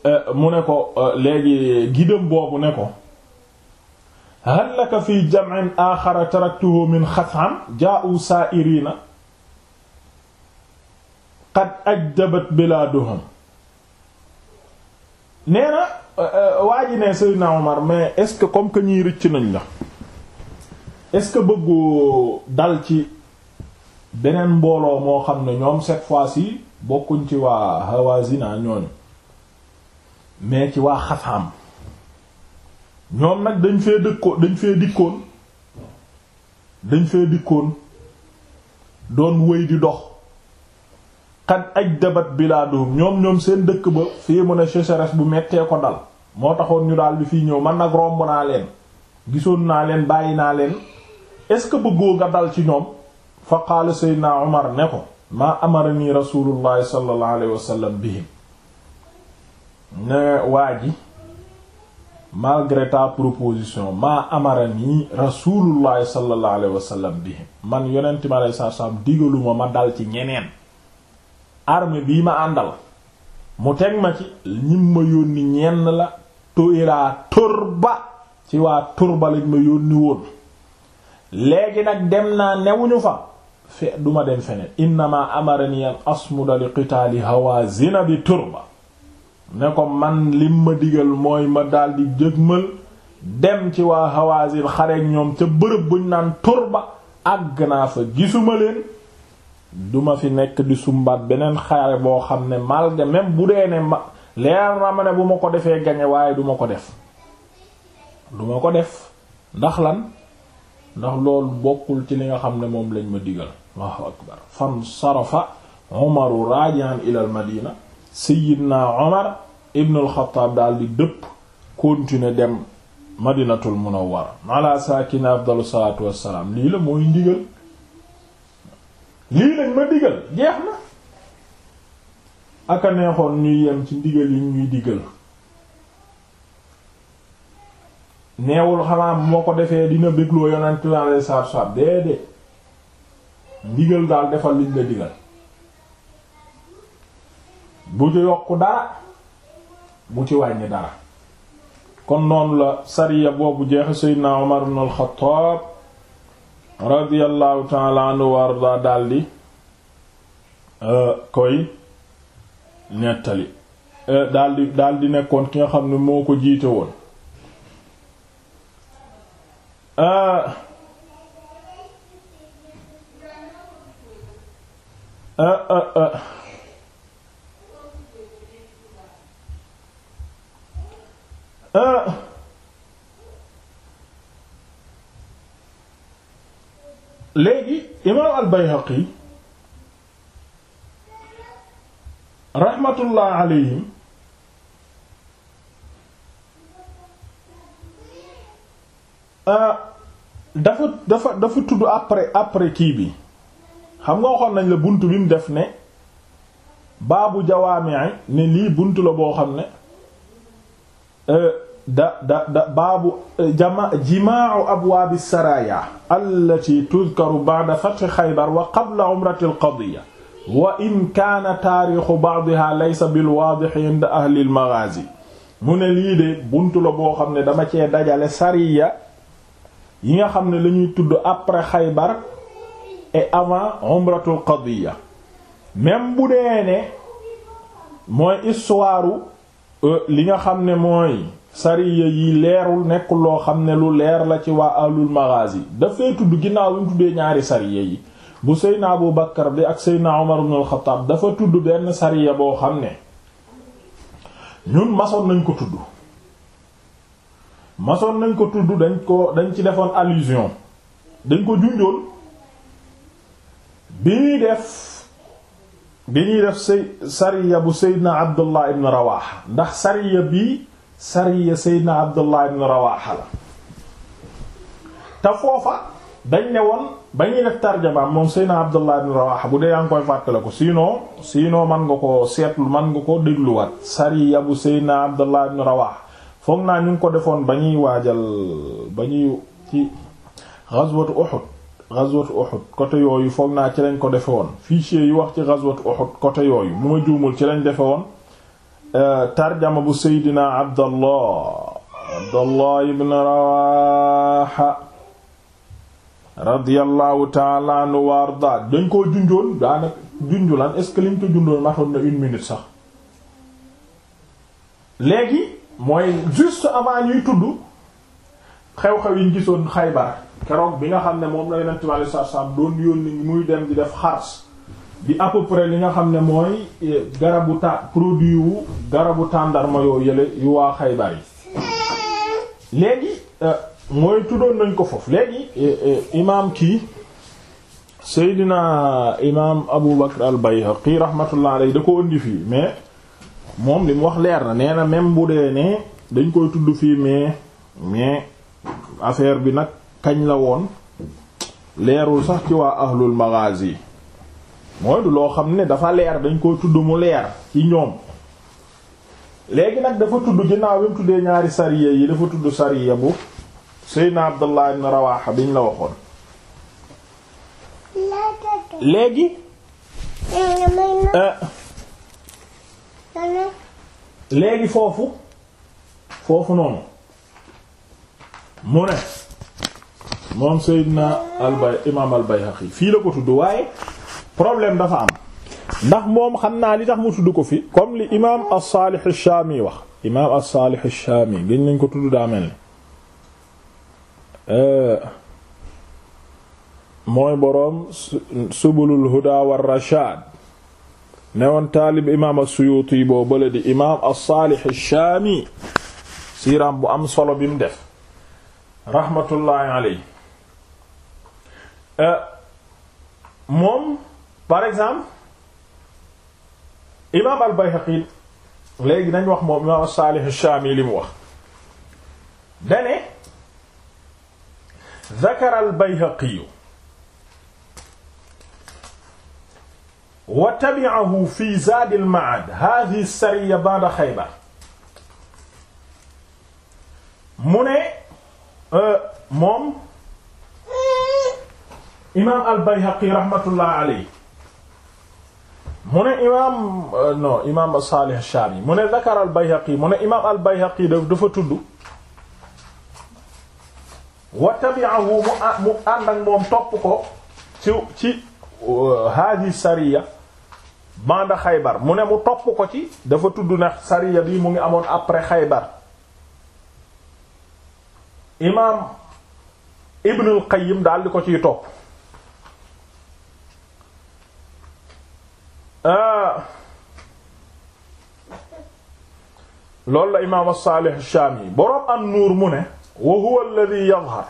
eh, mu ne ko eh, léegi gidam boobu ne ko hal laka fi jam'in axara sa min xatam jaa'u saa'irina qad ajdabat bilaaduhum nee na eh, waa ji ne na Omar mais est-ce que comme que ñii rëcc nañ la est-ce que bëggoo dal ci beneen mbooloo moo xam ne ñoom cette fois-ci bokkuñ ci waa Hawazina ñooñu mais ci waa Xasaam ñoom nag dañ fee dëkkoon dañ fee dikkoon dañ fee dikkoon doon wëy di dox xad ajdabat bilaaduhum ñoom ñoom seen dëkk ba fii mu ne sécheresse bu mettee ko dal moo taxoon ñu daal bi fii ñëw man nag romb naa leen gisoon naa leen bàyyi naa leen est ce que bëggoo nga dal ci ñoom fa qaala Seydina Omar ne ko ma amarani rasulullahi sallallahu alayhi wasallam bihim ne waa ji malgré ta proposition maa amarani rasulullahi sallallahu alayhi wasallam bihim man yonent mi alayhi salaam digaluma ma dal ci ñeneen arme bii ma àndal mu teg ma ci ñim ma yónni ñenn la toyraa turba ci waa turba ma yónni woon léegi nag dem naa newuñu fa fe duma dem feneen innama amarani an asmuda li qitaali hawazina bi turba ne ko man lim ma digal mooy ma daldi jëgmal dem ci waa hawazin xareek ñoom ca bërëb buñ naan turba àgg naa fa gisuma leen duma fi nekk di sumbaat beneen xare boo xam ne malgré même bu dee ne ma leer bu ma ko defee gañe waaye duma ko def duma ko def ndax lan ndax loolu bokkul ci li nga xam ne moom lañ ma digal waaw akbar fansarafa umaru rajian ila al madina sayidna omar ibn alxataab daal di dëpp continuer dem madinatul munawwara ala saakina afdalu salaatu wassalaam lii la mooy ndigal lii lañ ma digal jeex na aka neexoon ñuy yem ci ndigal yi ñuy digal neewul xanaa moo ko defee dina bégloo yonent bi alayhi salaatu wassalaam déedéet digal daal defal liñ la digal bu ci yokk dara bu ci wàññi dara kon noonu la sariya boobu jeexe seydina Umar ibn al radiyallahu ta'ala anhu wa daldi euh, koy nettali euh, daldi daldi nekkoon ki nga xam ne moo ko jiite woon euh, Uh, uh, uh. léegi imaam al-Bayhaqi rahmatullah alayhim dafa dafa dafa tudd après après kii bi xam nga waxoon nañ la bunt bi mu def ne baabu jawaami' ne lii bunt la boo xam ne euh, da da da baabu euh, jama jimaa'u abwaabi saraya allati tuzkaru ba'da fathi xaybar wa qabla umrati al-qadiya wa in kaana taarixu ba'diha laysa bil waadih inda ahli al-maghazi mu ne lii de bunt la boo xam ne dama cee dajale sariya yi nga xam ne lañuy tudd après xaybar et avant umratul qadiya même bu dee ne mooy histoire e, li nga xam ne mooy sariya yi leerul nekkul loo xam ne lu leer la ci waa ahlul maghazi dafay tudd ginnaaw bi mu tuddee ñaari sariya yi bu seyna abu bakar bi ak seyna umar ibn al-Khattab dafa tudd benn sariya boo xam ne ñun masoon nañ ko tudd masoon nañ ko tudd dañ ko dañ ci defoon allusion dañ ko junjoon bi ñuy def bi ñuy def sariya bu seydna abdullah ibn rawaxa ndax sariya bi sariya seydna abdullah ibn rawaxa la te foofa dañ ne woon ba ñuy def tarjamaam moom seydna abdullah ibn rawaxa bu dee yaa ngi koy fàttale ko sinon sinon man nga ko seetlu man nga ko dégluwaat sariya bu seydna abdullah ibn rawaxa foog naa ñu ngi ko defoon ba ñuy waajal ba ñuy ci ghazwatu uhud ghazwat Uhud côté yooyu foog naa ci lañ ko defe woon fichier yi wax ci ghazwat Uhud côté yooyu mu ma juumul ci lañ defe woon euh, tarjama bu Seydina Abdallah Abdallah ibn Rawaha radiyallahu ta'ala anhu wa arda dañ koo junjoon daanaka junjulan est-ce que liñ ko junjoon matoon na une minute sax léegi mooy juste avant ñuy tudd xew-xew yi ñu gisoon Xaybar keroog bi nga xam ne moom la yonent bi alayhi salaam doon yónni muy dem di def xars bi à peu li nga xam ne mooy eh, garabu ta produit wu garabu tàndarma yoo yële yu waa Xaybar yi léegi eh, mooy tuddoon nañ ko foofu léegi eh, imaam kii Seydina imaam Abu Bakr al-Bayhaqi rahmatullah alayhi da ko indi fii mais moom li mu wax leer na nee na même bu dee ne dañ koy tudd fii mais mais affaire bi nag kañ la woon leerul sax ci waa ahlul maghazi mooy du loo xam ne dafa leer dañ koo tudd mu leer ci ñoom léegi nag dafa tudd ginnaaw bi mu tuddee ñaari sariya yi dafa tudd sariya bu Seydina Abdullah ibn Rawaha biñ la waxoon léegi léegi foofu foofu noonu mu ne moom Seydina albay imaam fii la ko tudd waaye problème dafa am ndax moom xam naa li tax mu tudd ko fii comme li imaam as-Salih ash-Shami wax imaam as-Salih ash-Shami gën nañ ko tudd daa ne eh, mooy boroom subulul huda newoon taalib imaam as-Suyuti boo bu am solo bi mu def rahmatullahi Euh, moom par exemple imaam al-Bayhaqi léegi nañ wax moom imaam Saalih ash-Shaami li mu wax dane zakara al-Bayhaqi wa tabi'ahu fi Zaad al-Ma'aad haadhihi as-sariyya ba'da Khaybar mu ne euh, moom imaam al Bayhaqi rahmatullah alayhi mu ne imaam euh, non imaam Saalih Shaami mu ne Dakar al Bayhaqi mu imaam al Bayhaqi dafa tudd wa tabi'ahu mu ànd moom topp ko ci ci euh, haadi sariya banda xaybar mu ne mu topp ko ci dafa tudd na sariya bi mu ngi amoon après xaybar imaam Ibnul Qayyim daal di ko ci topp. Ah. loolu la imaam as-Saalih ash-Shaami boroom an-Nuur mu ne wa huwa alladhi yadhhar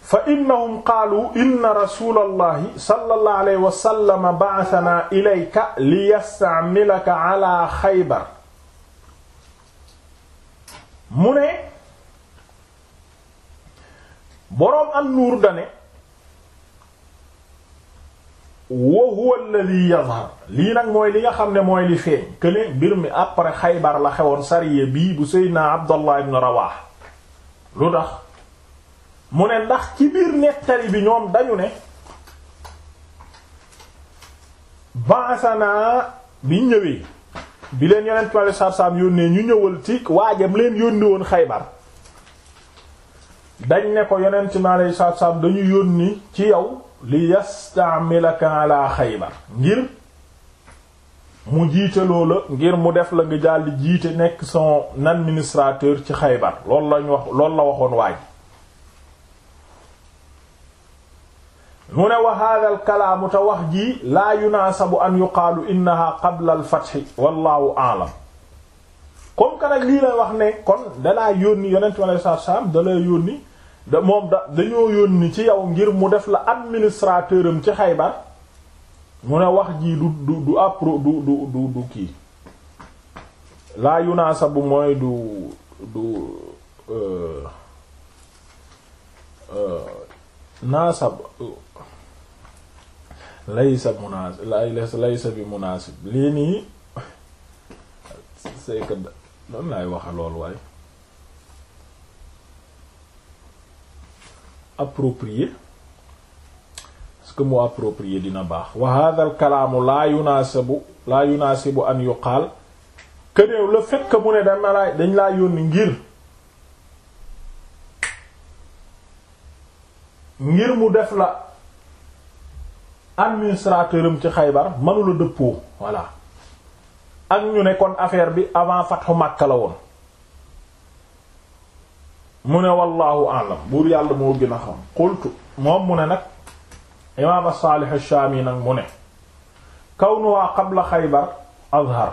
fa innahum qaalu inna rasuulallahi sallallahu alayhi wa sallam ba'athanaa ilayka liyasta'milaka ala Xaybar mu ne boroom an-Nuur dane wa huwa alladhi yazhar lii nag mooy li nga xam ne mooy li feeñ que ne mbir mi après Xaybar la xewoon sariya bii bu Seydina Abdallah ibn Rawah lu tax mu ne ndax ci biir nettali bi ñoom dañu ne ba'asanaa biñ ñëwee bi leen yonent male sarsam yónnee ñu ñëwal ci waajam leen yónni woon Xaybar dañ ne ko yonent male sarsam dañu yónni ci yow li yastamilaka ala xaybar ngir mu jiite loola ngir mu def la nga jàll jiite nekk son administrateur ci xaybar loolu lañ wax loolu la waxoon waaj mu ne wa hada wax ji laa yunaasabu an yuqaalu innaha qabla al fathi aalam comme que lii la wax ne kon dalaa yónni yonent bi alei satu dalaa yónni da moom da dañoo yónni ci yow ngir mu def la administrateur am ci Xaybar mu ne wax ji du du du appro du du du du kii laa yunaasa bu mooy du du euh, euh, naasab laysa munaasib laysa bi munaasib lii nii c'est que noonu laay waxe loolu waaye approprié parce que mu approprié dina baax wa hadha al kalaamu laa yunaasibu laa yunaasibu an yuqaal këneew le fait mu ne dañ laa dañ laa yónni ngir ngir mu def la administrateur am ci Xaybar mënula dëppoo voilà ak ñu ne kon affaire bi avant fatxu Makka la woon mu ne wallahu alam buur yàlla mu gën a xam qultu moom mu ne nag imaam as-Saalih ash-Shaami nag mu ne kawnuwaa qabla Xaybar azhar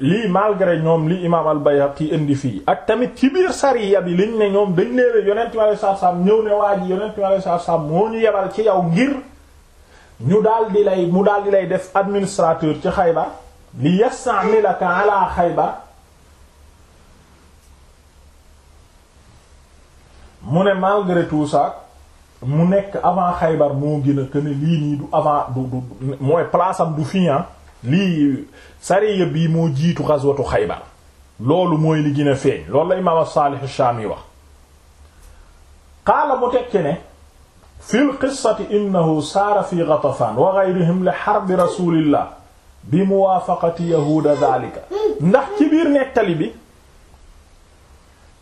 lii malgré ñoom li imaam al ci indi fii ak tamit ci biir sariya bi liñ ne ñoom dañ ñëw ne waa moo ñu yebal ci yow ngir ñu daldi lay mu daal di lay def administrateur ci Xaybar li yastamilaka ala Xaybar mu ne malgré mu nekk avant Xaybar moo gën a lii nii du avant du du mooy place du fii ah. lii sariya bii moo jiitu ghazwatu Xaybar loolu mooy li gën a feeñ loolu la imaam Saalih Shaami wax qaala mu tekki ne fi lqissati innahu saara fi Ghatafaan wa ghayrihim li harbi rasulillah bi muwaafaqati yahuuda zaalika ndax ci biir nettali bi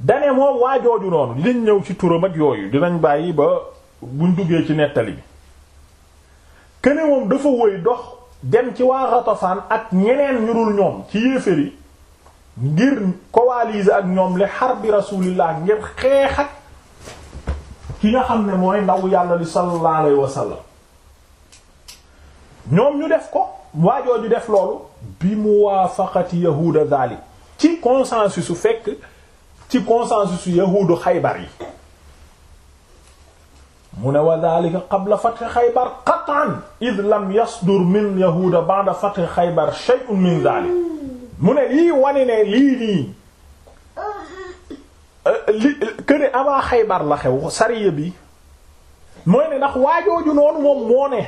dane moom waa jooju noonu dinañ ñëw ci turam ak yooyu dinañ bàyyi ba buñ duggee ci nettali bi kene dafa woy dox dem ci waa Ghatafan ak ñeneen ñu ñoom ci yéeféer yi ngir coaliser ak ñoom li harbi rasulillah ngir xeex ak ki nga xam ne mooy ndaw yàlla li sallallahu alayhi wa sallam ñoom ñu def ko waa jooju def loolu bi muwaafaqati yahuuda dhalik ci consensus su fekk ci consensus yahuudu xaybar yi mu ne wa dhalika qabla fath xaybar qat'an id lam yasdur min yahuuda ba'da fath xaybar shay'un min dhalik mu ne lii wane ne lii nii li këne avant la xew sariya bi mooy ne ndax waajooju noonu moom moo ne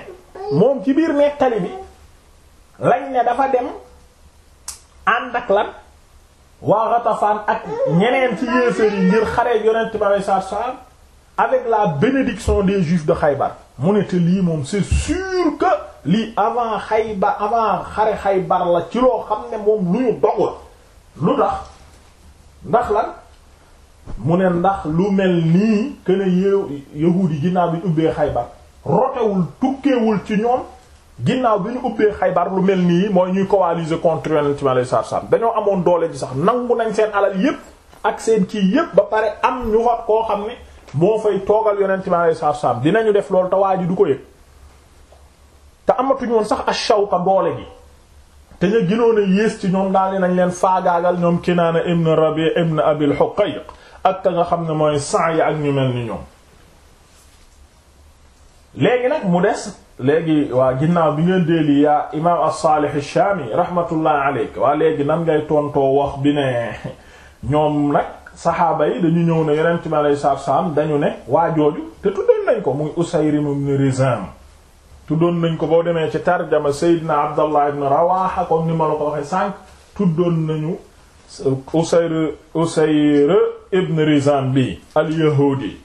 moom ci biir nettali bi lañ ne dafa dem ànd ak lan waa Ghatafan ak ñeneen ci yéeféer yi ngir xare yonent bi alei satu avec la bénédiction des juifs de Khaybar mu ne te lii moom c'est sûr que lii avant Khaybar avant xare Khaybar la ci loo xam ne moom lu ñu dog la lu tax ndax lan mu ne ndax lu mel nii que ne yahudi ginnaaw bi ubbee Khaybar rotewul tukkeewul ci ñoom ginnaaw bi ñu ubbee xaybar lu mel nii mooy ñuy coaliser contre yonent mi alayhi salaam dañoo amoon doole ji sax nangu nañ seen alal yépp ak seen kii yépp ba pare am ñu fa koo xam ne moo fay toogal yonent mi alayhi salaam dinañu def loolu te waa ji du ko yëg te amatuñu woon sax ashawka doole gi te ñu gënoon a yées ci ñoom daal nañ leen faagaagal ñoom Kinaana ibn Rabi' ibn Abil Huqayq ak ka nga xam ne mooy yi ak ñu mel ni ñoom léegi nag mu des. léegi waa ginnaaw bi ngeen déeli yaa imaam as-Salih Shami rahmatullah aleyk waa léegi nan ngay tontoo wax bi ne ñoom nag saxaaba yi dañu ñëw ne yonent bi alayhi salaatu salaam dañu ne waa jooju te tuddoon nañ ko muy Usayrim ibn Rizam tuddoon nañ ko boo demee ci tarjama Seydina Abdallah ibn Rawaha comme ni ma la ko waxe sànq tuddoon nañu Usayr Usayr ibn Rizam bi al-Yahudi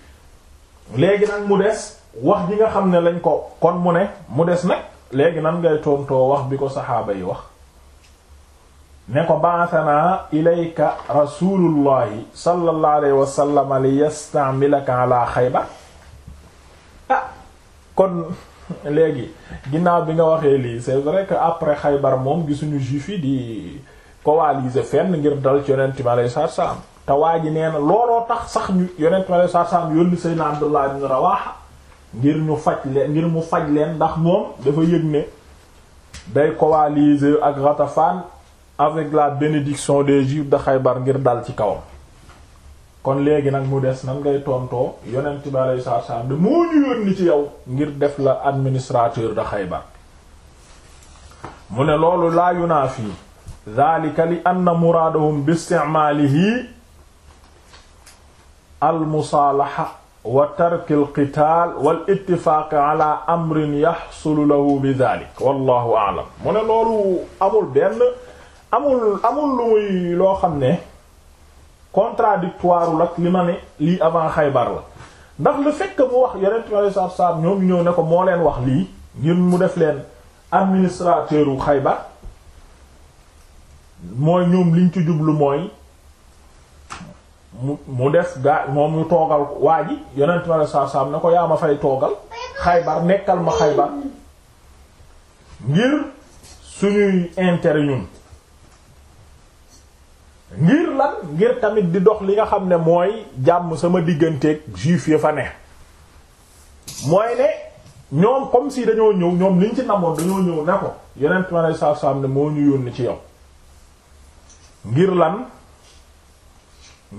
léegi nag mu des wax ji nga xam ne lañ ko kon mu ne mu des nag léegi nan ngay tontoo wax bi ko saxaaba yi wax ne ko ba'athanaa ilayka rasulullahi sallallahu alayhi wa sallam li yastamilaka ala Xaybar ah kon léegi ginnaaw bi nga waxee lii c'est vrai que après Xaybar moom gisuñu juif yi di coaliser fenn ngir dal ci yonent bi alayhi sa wa salaam te waa ji nee na looloo tax sax ñu yonent bi alayhi salaatu wa salaam yónni Seydina Abdullah ibn Rawaha ngir ñu faj leen ngir mu faj leen ndax moom dafa yëg ne day coaliser ak Ghatafan avec la bénédiction des juifs de Khaybar ngir dal ci kawam kon léegi nag mu des nan ngay tontoo yonent bi aleyhi salaatu salaam de moo ñu yónni ci yow ngir def la administrateur de Khaybar mu ne loolu laa yunaafi dhalika li anna muraadahum bi isti'maalihi al musaalaha wa tarkil qitaal wal ittifaaq ala amrin yaxsulu lahu bi daalik wallahu alam mu ne loolu amul benn amul amul lu muy loo xam ne contradictoire ak li ma ne lii avant xaybar la ndax le fait que mu wax yonent bi alei satu salaam ñoom ñëw ne ko moo leen wax lii ngir mu def leen administrateur u xaybar mooy ñoom liñ ci jublu mooy mu mu def gaa moom mu toogal waa ji yonent ma ne saab-saab ne ko yaa ma fay toogal xaybar nekkal ma xaybar ngir suñuy intérêt ñun ngir lan ngir tamit di dox li nga xam ne mooy jàmm sama digganteeg juif ya fa ne mooy ne ñoom comme si dañoo ñëw ñoom liñ ci namoon dañoo ñëw ne ko yonent ma ne saab-saab ne moo ñu yónni ci yow ngir lan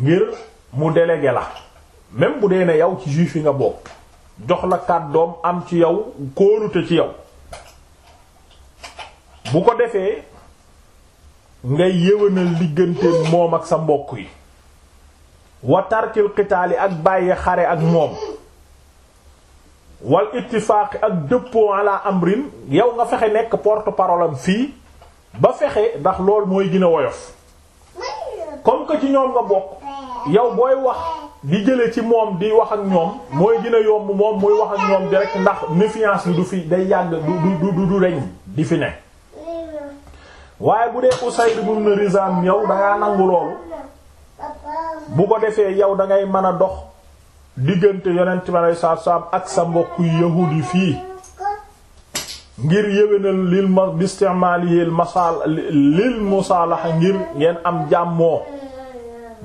ngir mu delege la même bu dee ne yow ci juif yi nga bokk jox la kàddoom am ci yow kóolute ci yow bu ko defee ngay yëwënal digganteen moom ak sa mbokk yi wa tarkil qitaali ak bàyyi xare ak moom wal ittifaaqi ak dëppoo ala amrin yow nga fexe nekk porte-parole fii ba fexe ndax loolu mooy gën a woyof comme que ci ñoom nga bokk yow booy wax di jële ci moom di wax ak ñoom mooy gën yomb moom muy wax ak ñoom direct ndax méfiance bi du fi day yàgg du du du reñ di fi ne waaye bu dee Usayd ibn Rizam yow dangaa nangu loolu bu ko defee yow dangay mën a dox diggante yonent bi aleyhi salaatu salaam ak sa mbokk yi fii ngir yéwénal lil ma bistimaali yil masal lil musaalaxa ngir ngeen am jàmmoo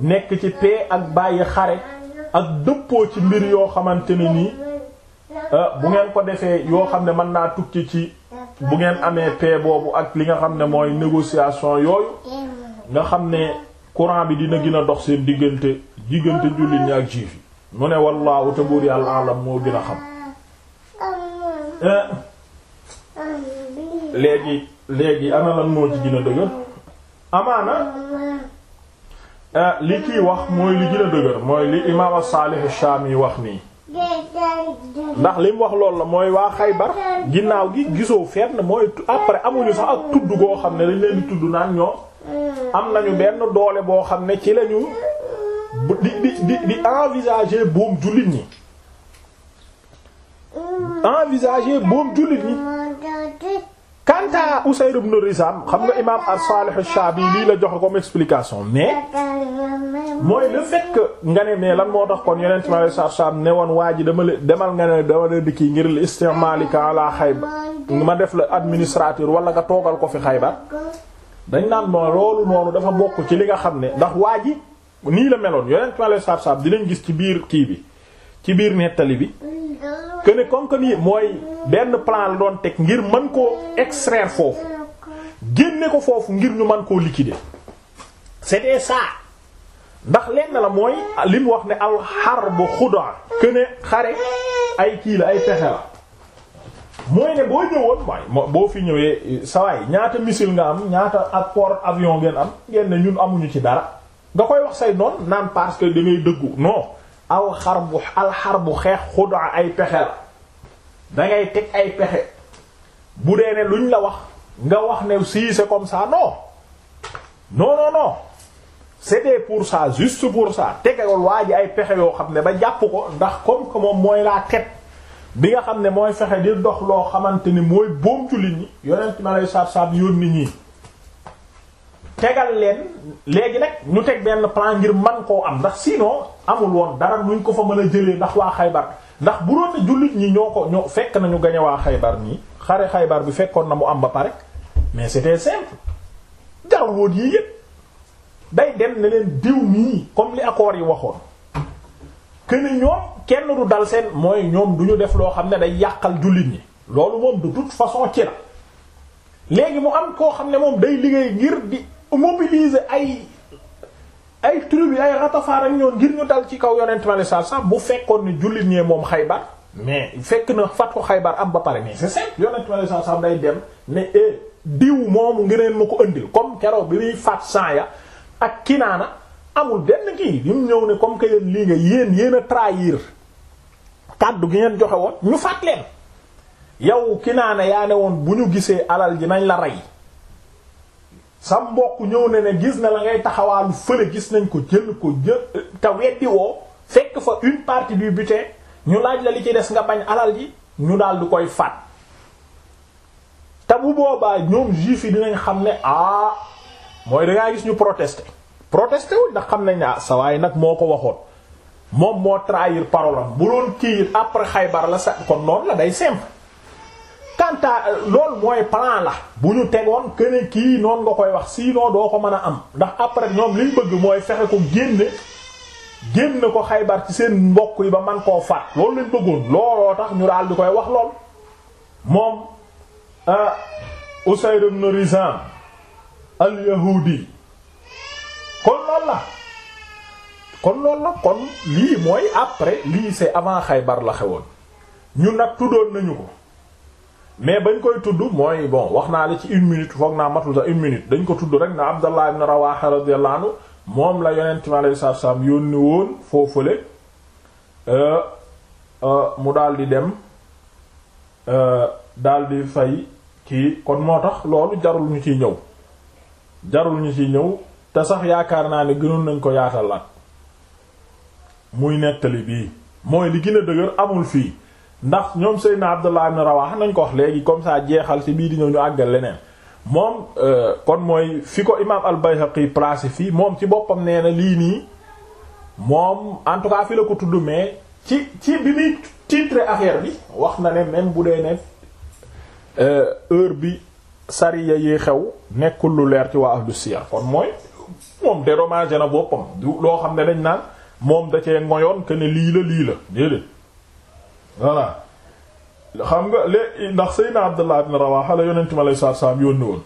nekk ci paix ak bàyyi xare ak dëppoo ci mbir yoo xamante ne nii ah, bu ngeen ko defee yoo xam ne mën naa tukki ci bu ngeen amee paix boobu ak li nga xam ne mooy négociation yooyu nga xam ne courant bi dina gën dox seen diggante diggante jullit ñi ak juif yi mu ne wallaahu te buur yàlla alam moo gën a xam eh, léegi léegi ana lan moo ci gën a dëgër amaana euh, li kiy wax mooy li gën a dëgër mooy li imaam Saalih Shaami wax nii ndax li wax loolu la mooy waa Xaybar ginnaaw gi gisoo na mooy après amuñu sax ak tudd goo xam ne dañ leen di tudd naan ñoo am na nañu benn doole boo xam ne ci lañu di di di envisager boom jullit ñi envisager boom jullit ñi kanta Usayr ibn Rizam xam nga imaam as-Salih ash lii la joxe comme explication mais mooy le fait nga ne mais lan moo tax kon yeneen ma lay saabsaab ne woon waa ji dama la demal nga ne dama la dikki ngir li istimaalika ala Xaybar ma def la administrateur wala nga toogal ko fi Xaybar dañ naan ma loolu noonu dafa bokk ci li nga xam ne ndax waa ji nii la meloon yeneen ma lay saabsaab dinañ gis ci biir kii bi ci biir nettali bi. que ne comme que nii mooy benn plan la doon teg ngir mën koo extraire foofu génne ko foofu ngir ñu mën koo liquider c'était ça ndax lenn la mooy li wax ne alxarbu xudaa que ne xare ay kii la ay pexe la mooy ne boo ñëwoon mooy boo fi ñëwee sawaay ñaata missile nga am ñaata apport avion ngeen am ngeen ne ñun amuñu ci dara nga koy wax say noon naan parce que dëggu non aw xar bu alxar bu xeex xuda ay pexe la dangay teg ay pexe bu dee ne luñ la wax nga wax ne si c'est comme ça non non non non c'était pour ça juste pour ça tegal waa ji ay pexe yoo xam ne ba jàpp ko ndax comme que moom mooy laa teg bi nga xam ne mooy fexe di dox loo xamante ni mooy boom ci nit ñi yonent ma lay saab saab yónni ñii tegal leen léegi nag ñu teg benn plan ngir man koo am ndax sinon amul woon dara nuñ ko fa mën a jëlee ndax waa xaybar ndax bu doon jullit ñi ñoo ko ñoo fekk nañu gañe waa xaybar nii xare xaybar bi fekkoon na mu am ba pare mais c'était simple jarul woon yii yëpp day dem ne leen diw mii comme li accords yi waxoon que ni ñoom kenn du dal seen mooy ñoom du ñu def loo xam ne day yàqal jullit ñi loolu moom de toute façon ci la léegi mu am koo xam ne moom day liggéey ngir di mobiliser ay ay tribu ay ratafar ak ñoon ngir ñu dal ci kaw yonent ma ne saa bu fekkoon ni jullit ñee moom xaybar mais fekk na fat ko xaybar am ba pare mais c'est simple yonent ma ne sax sax dem ne eh, diw moomu ngeen ma ko andil comme keroog bi muy faat ya ak Kinaana amul benn kii bi mu ñëw ne comme que yéen lii nga yéen yéen a trahir kàddu gi ngeen joxe woon ñu faat leen yow Kinaana yaa ne woon bu ñu gisee alal ji nañ la rey. sa mbokk ñëw ne ne gis na la ngay taxawaalu fële gis nañ ko jël ko jël te weddi woo fekk fa une partie du butin ñu laaj la li ci des nga bañ alal yi ñu daal du koy faat te bu boobaa ñoom juif yi dinañ xam ne ah mooy dangaa gis ñu protester protester wu ndax xam nañ ne ah sa nag moo ko waxoon moom moo trahir parole bu doon kii après Xaybar la sa ko noonu la day simple kanta lool mooy plan la bu ñu tegoon kene kii noonu nga koy wax sinon doo ko mën a am ndax après ñoom liñ bëgg mooy fexe ko génne génn ko xaybar ci seen mbokk yi ba man koo faat loolu lañ bëggoon looloo tax ñu daal di koy wax lool moom euh, Usayr ibn Rizam al-Yahudi kon loolu la kon loolu la kon lii mooy après lii c'est avant xaybar la xewoon ñu nag tuddoon nañu ko mais bañ koy tudd mooy bon wax naa la ci une minute foog naa matul sax une minute dañ ko tudd rek na Abdallah ibn Rawaha radiyallahu moom la yonent mi alayhi salaatu salaam yónni woon foofule euh, euh, mu daal dem euh, daal di fay kii kon moo tax loolu jarul ñu ciy ñëw jarul ñu ciy ñëw te sax yaakaar naa ne gënul nañ ko yaatalaat muy nettali bii mooy li gën a dëgër amul fii ndax ñoom Seydina Abdullah ibn Rawaha nañ ko wax léegi comme ça jeexal ci bii di ñëw ñu àggal leneen moom euh, kon mooy fi ko imaam al-Bayhaqi placé fii moom ci boppam nee na lii nii moom en tout cas fi la ko tudd mais ci ci bi muy titre affaire bi wax na ne même bu dee ne euh, heure bi sariya yee xew nekkul lu leer ci waa ahlu siyar kon mooy moom dédommagé na boppam du loo xam ne dañ naan moom da cee ngoyoon que lii la lii la déedéet. voilà xam nga lé ndax Seydina Abdullah ibn Rawaha la yonent mi aleyhi salaatu salaam yónni woon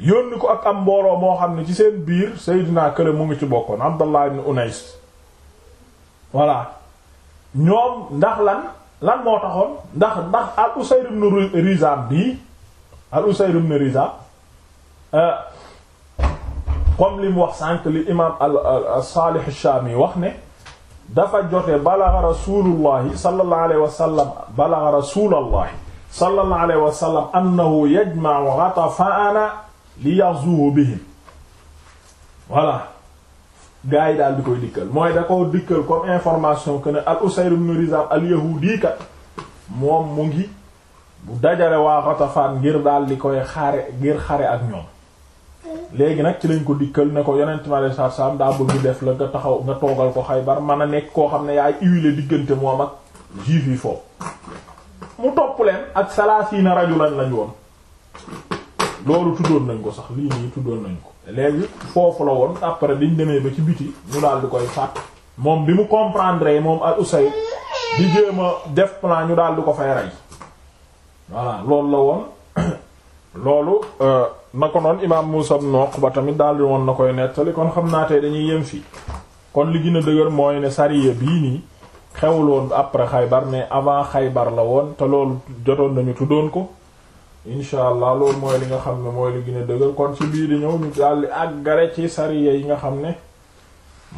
yónni ko ak am mbooloo moo xam ne ci seen biir Seydina kële mu ngi ci bokkoon Abdullah ibn Unais voilà ñoom ndax lan lan moo taxoon ndax ndax al Usayd ibn Rizab bi al Usayd ibn Rizab euh, comme li mu wax sànq li imaam al Salih Shami wax ne dafa jote balagha rasulullahi sallallahu alayhi wa sallam balagha rasulullahi sallallahu alayhi wa sallam annahu yajma'u ghatafana li yazuhu bihim voilà gaa yi daal di koy dikkal mooy da ko dikkal comme information que ne al Usayr ibn Rizam al yahudi kat moom mu ngi bu dajale waa Ghatafan ngir daal di koy xaare ngir xare ak ñoom léegi nag ci lañ ko dikkal ne ko yonent mi alayhi salaatu salaam bëgg def la nga taxaw nga toogal ko Xaybar man a nekk koo xam ne yaay huiler diggante moom ak juif yi foofu mu topp leen ak salaasiina rajulan lañ woon loolu nañ ko sax lii nii nañ ko léegi foofu la woon après liñ demee ba ci biti ñu daal di koy fàtt moom bi mu comprendre moom al Usayd di jéem a def plan ñu daal di ko fay rey voilà loolu la woon (coughs) loolu euh, nako noon imaam Muusaa ibn Uqba tamit daal di woon na koy nettali kon xam naa tey dañuy yem fii kon li gën a dëgër mooy ne sariya bii nii xewul woon après Xaybar mais avant Xaybar la woon te loolu jotoon nañu tuddoon ko incha allah loolu mooy li nga xam ne mooy li gën a dëgër kon ci bii di ñëw ñu daal di àggale ci sariya yi nga xam ne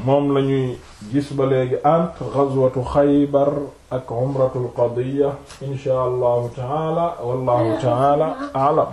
moom la ñuy gis ba léegi entre ghazwatu Xaybar ak umratul qadiya incha allahu taala wallahu taala alam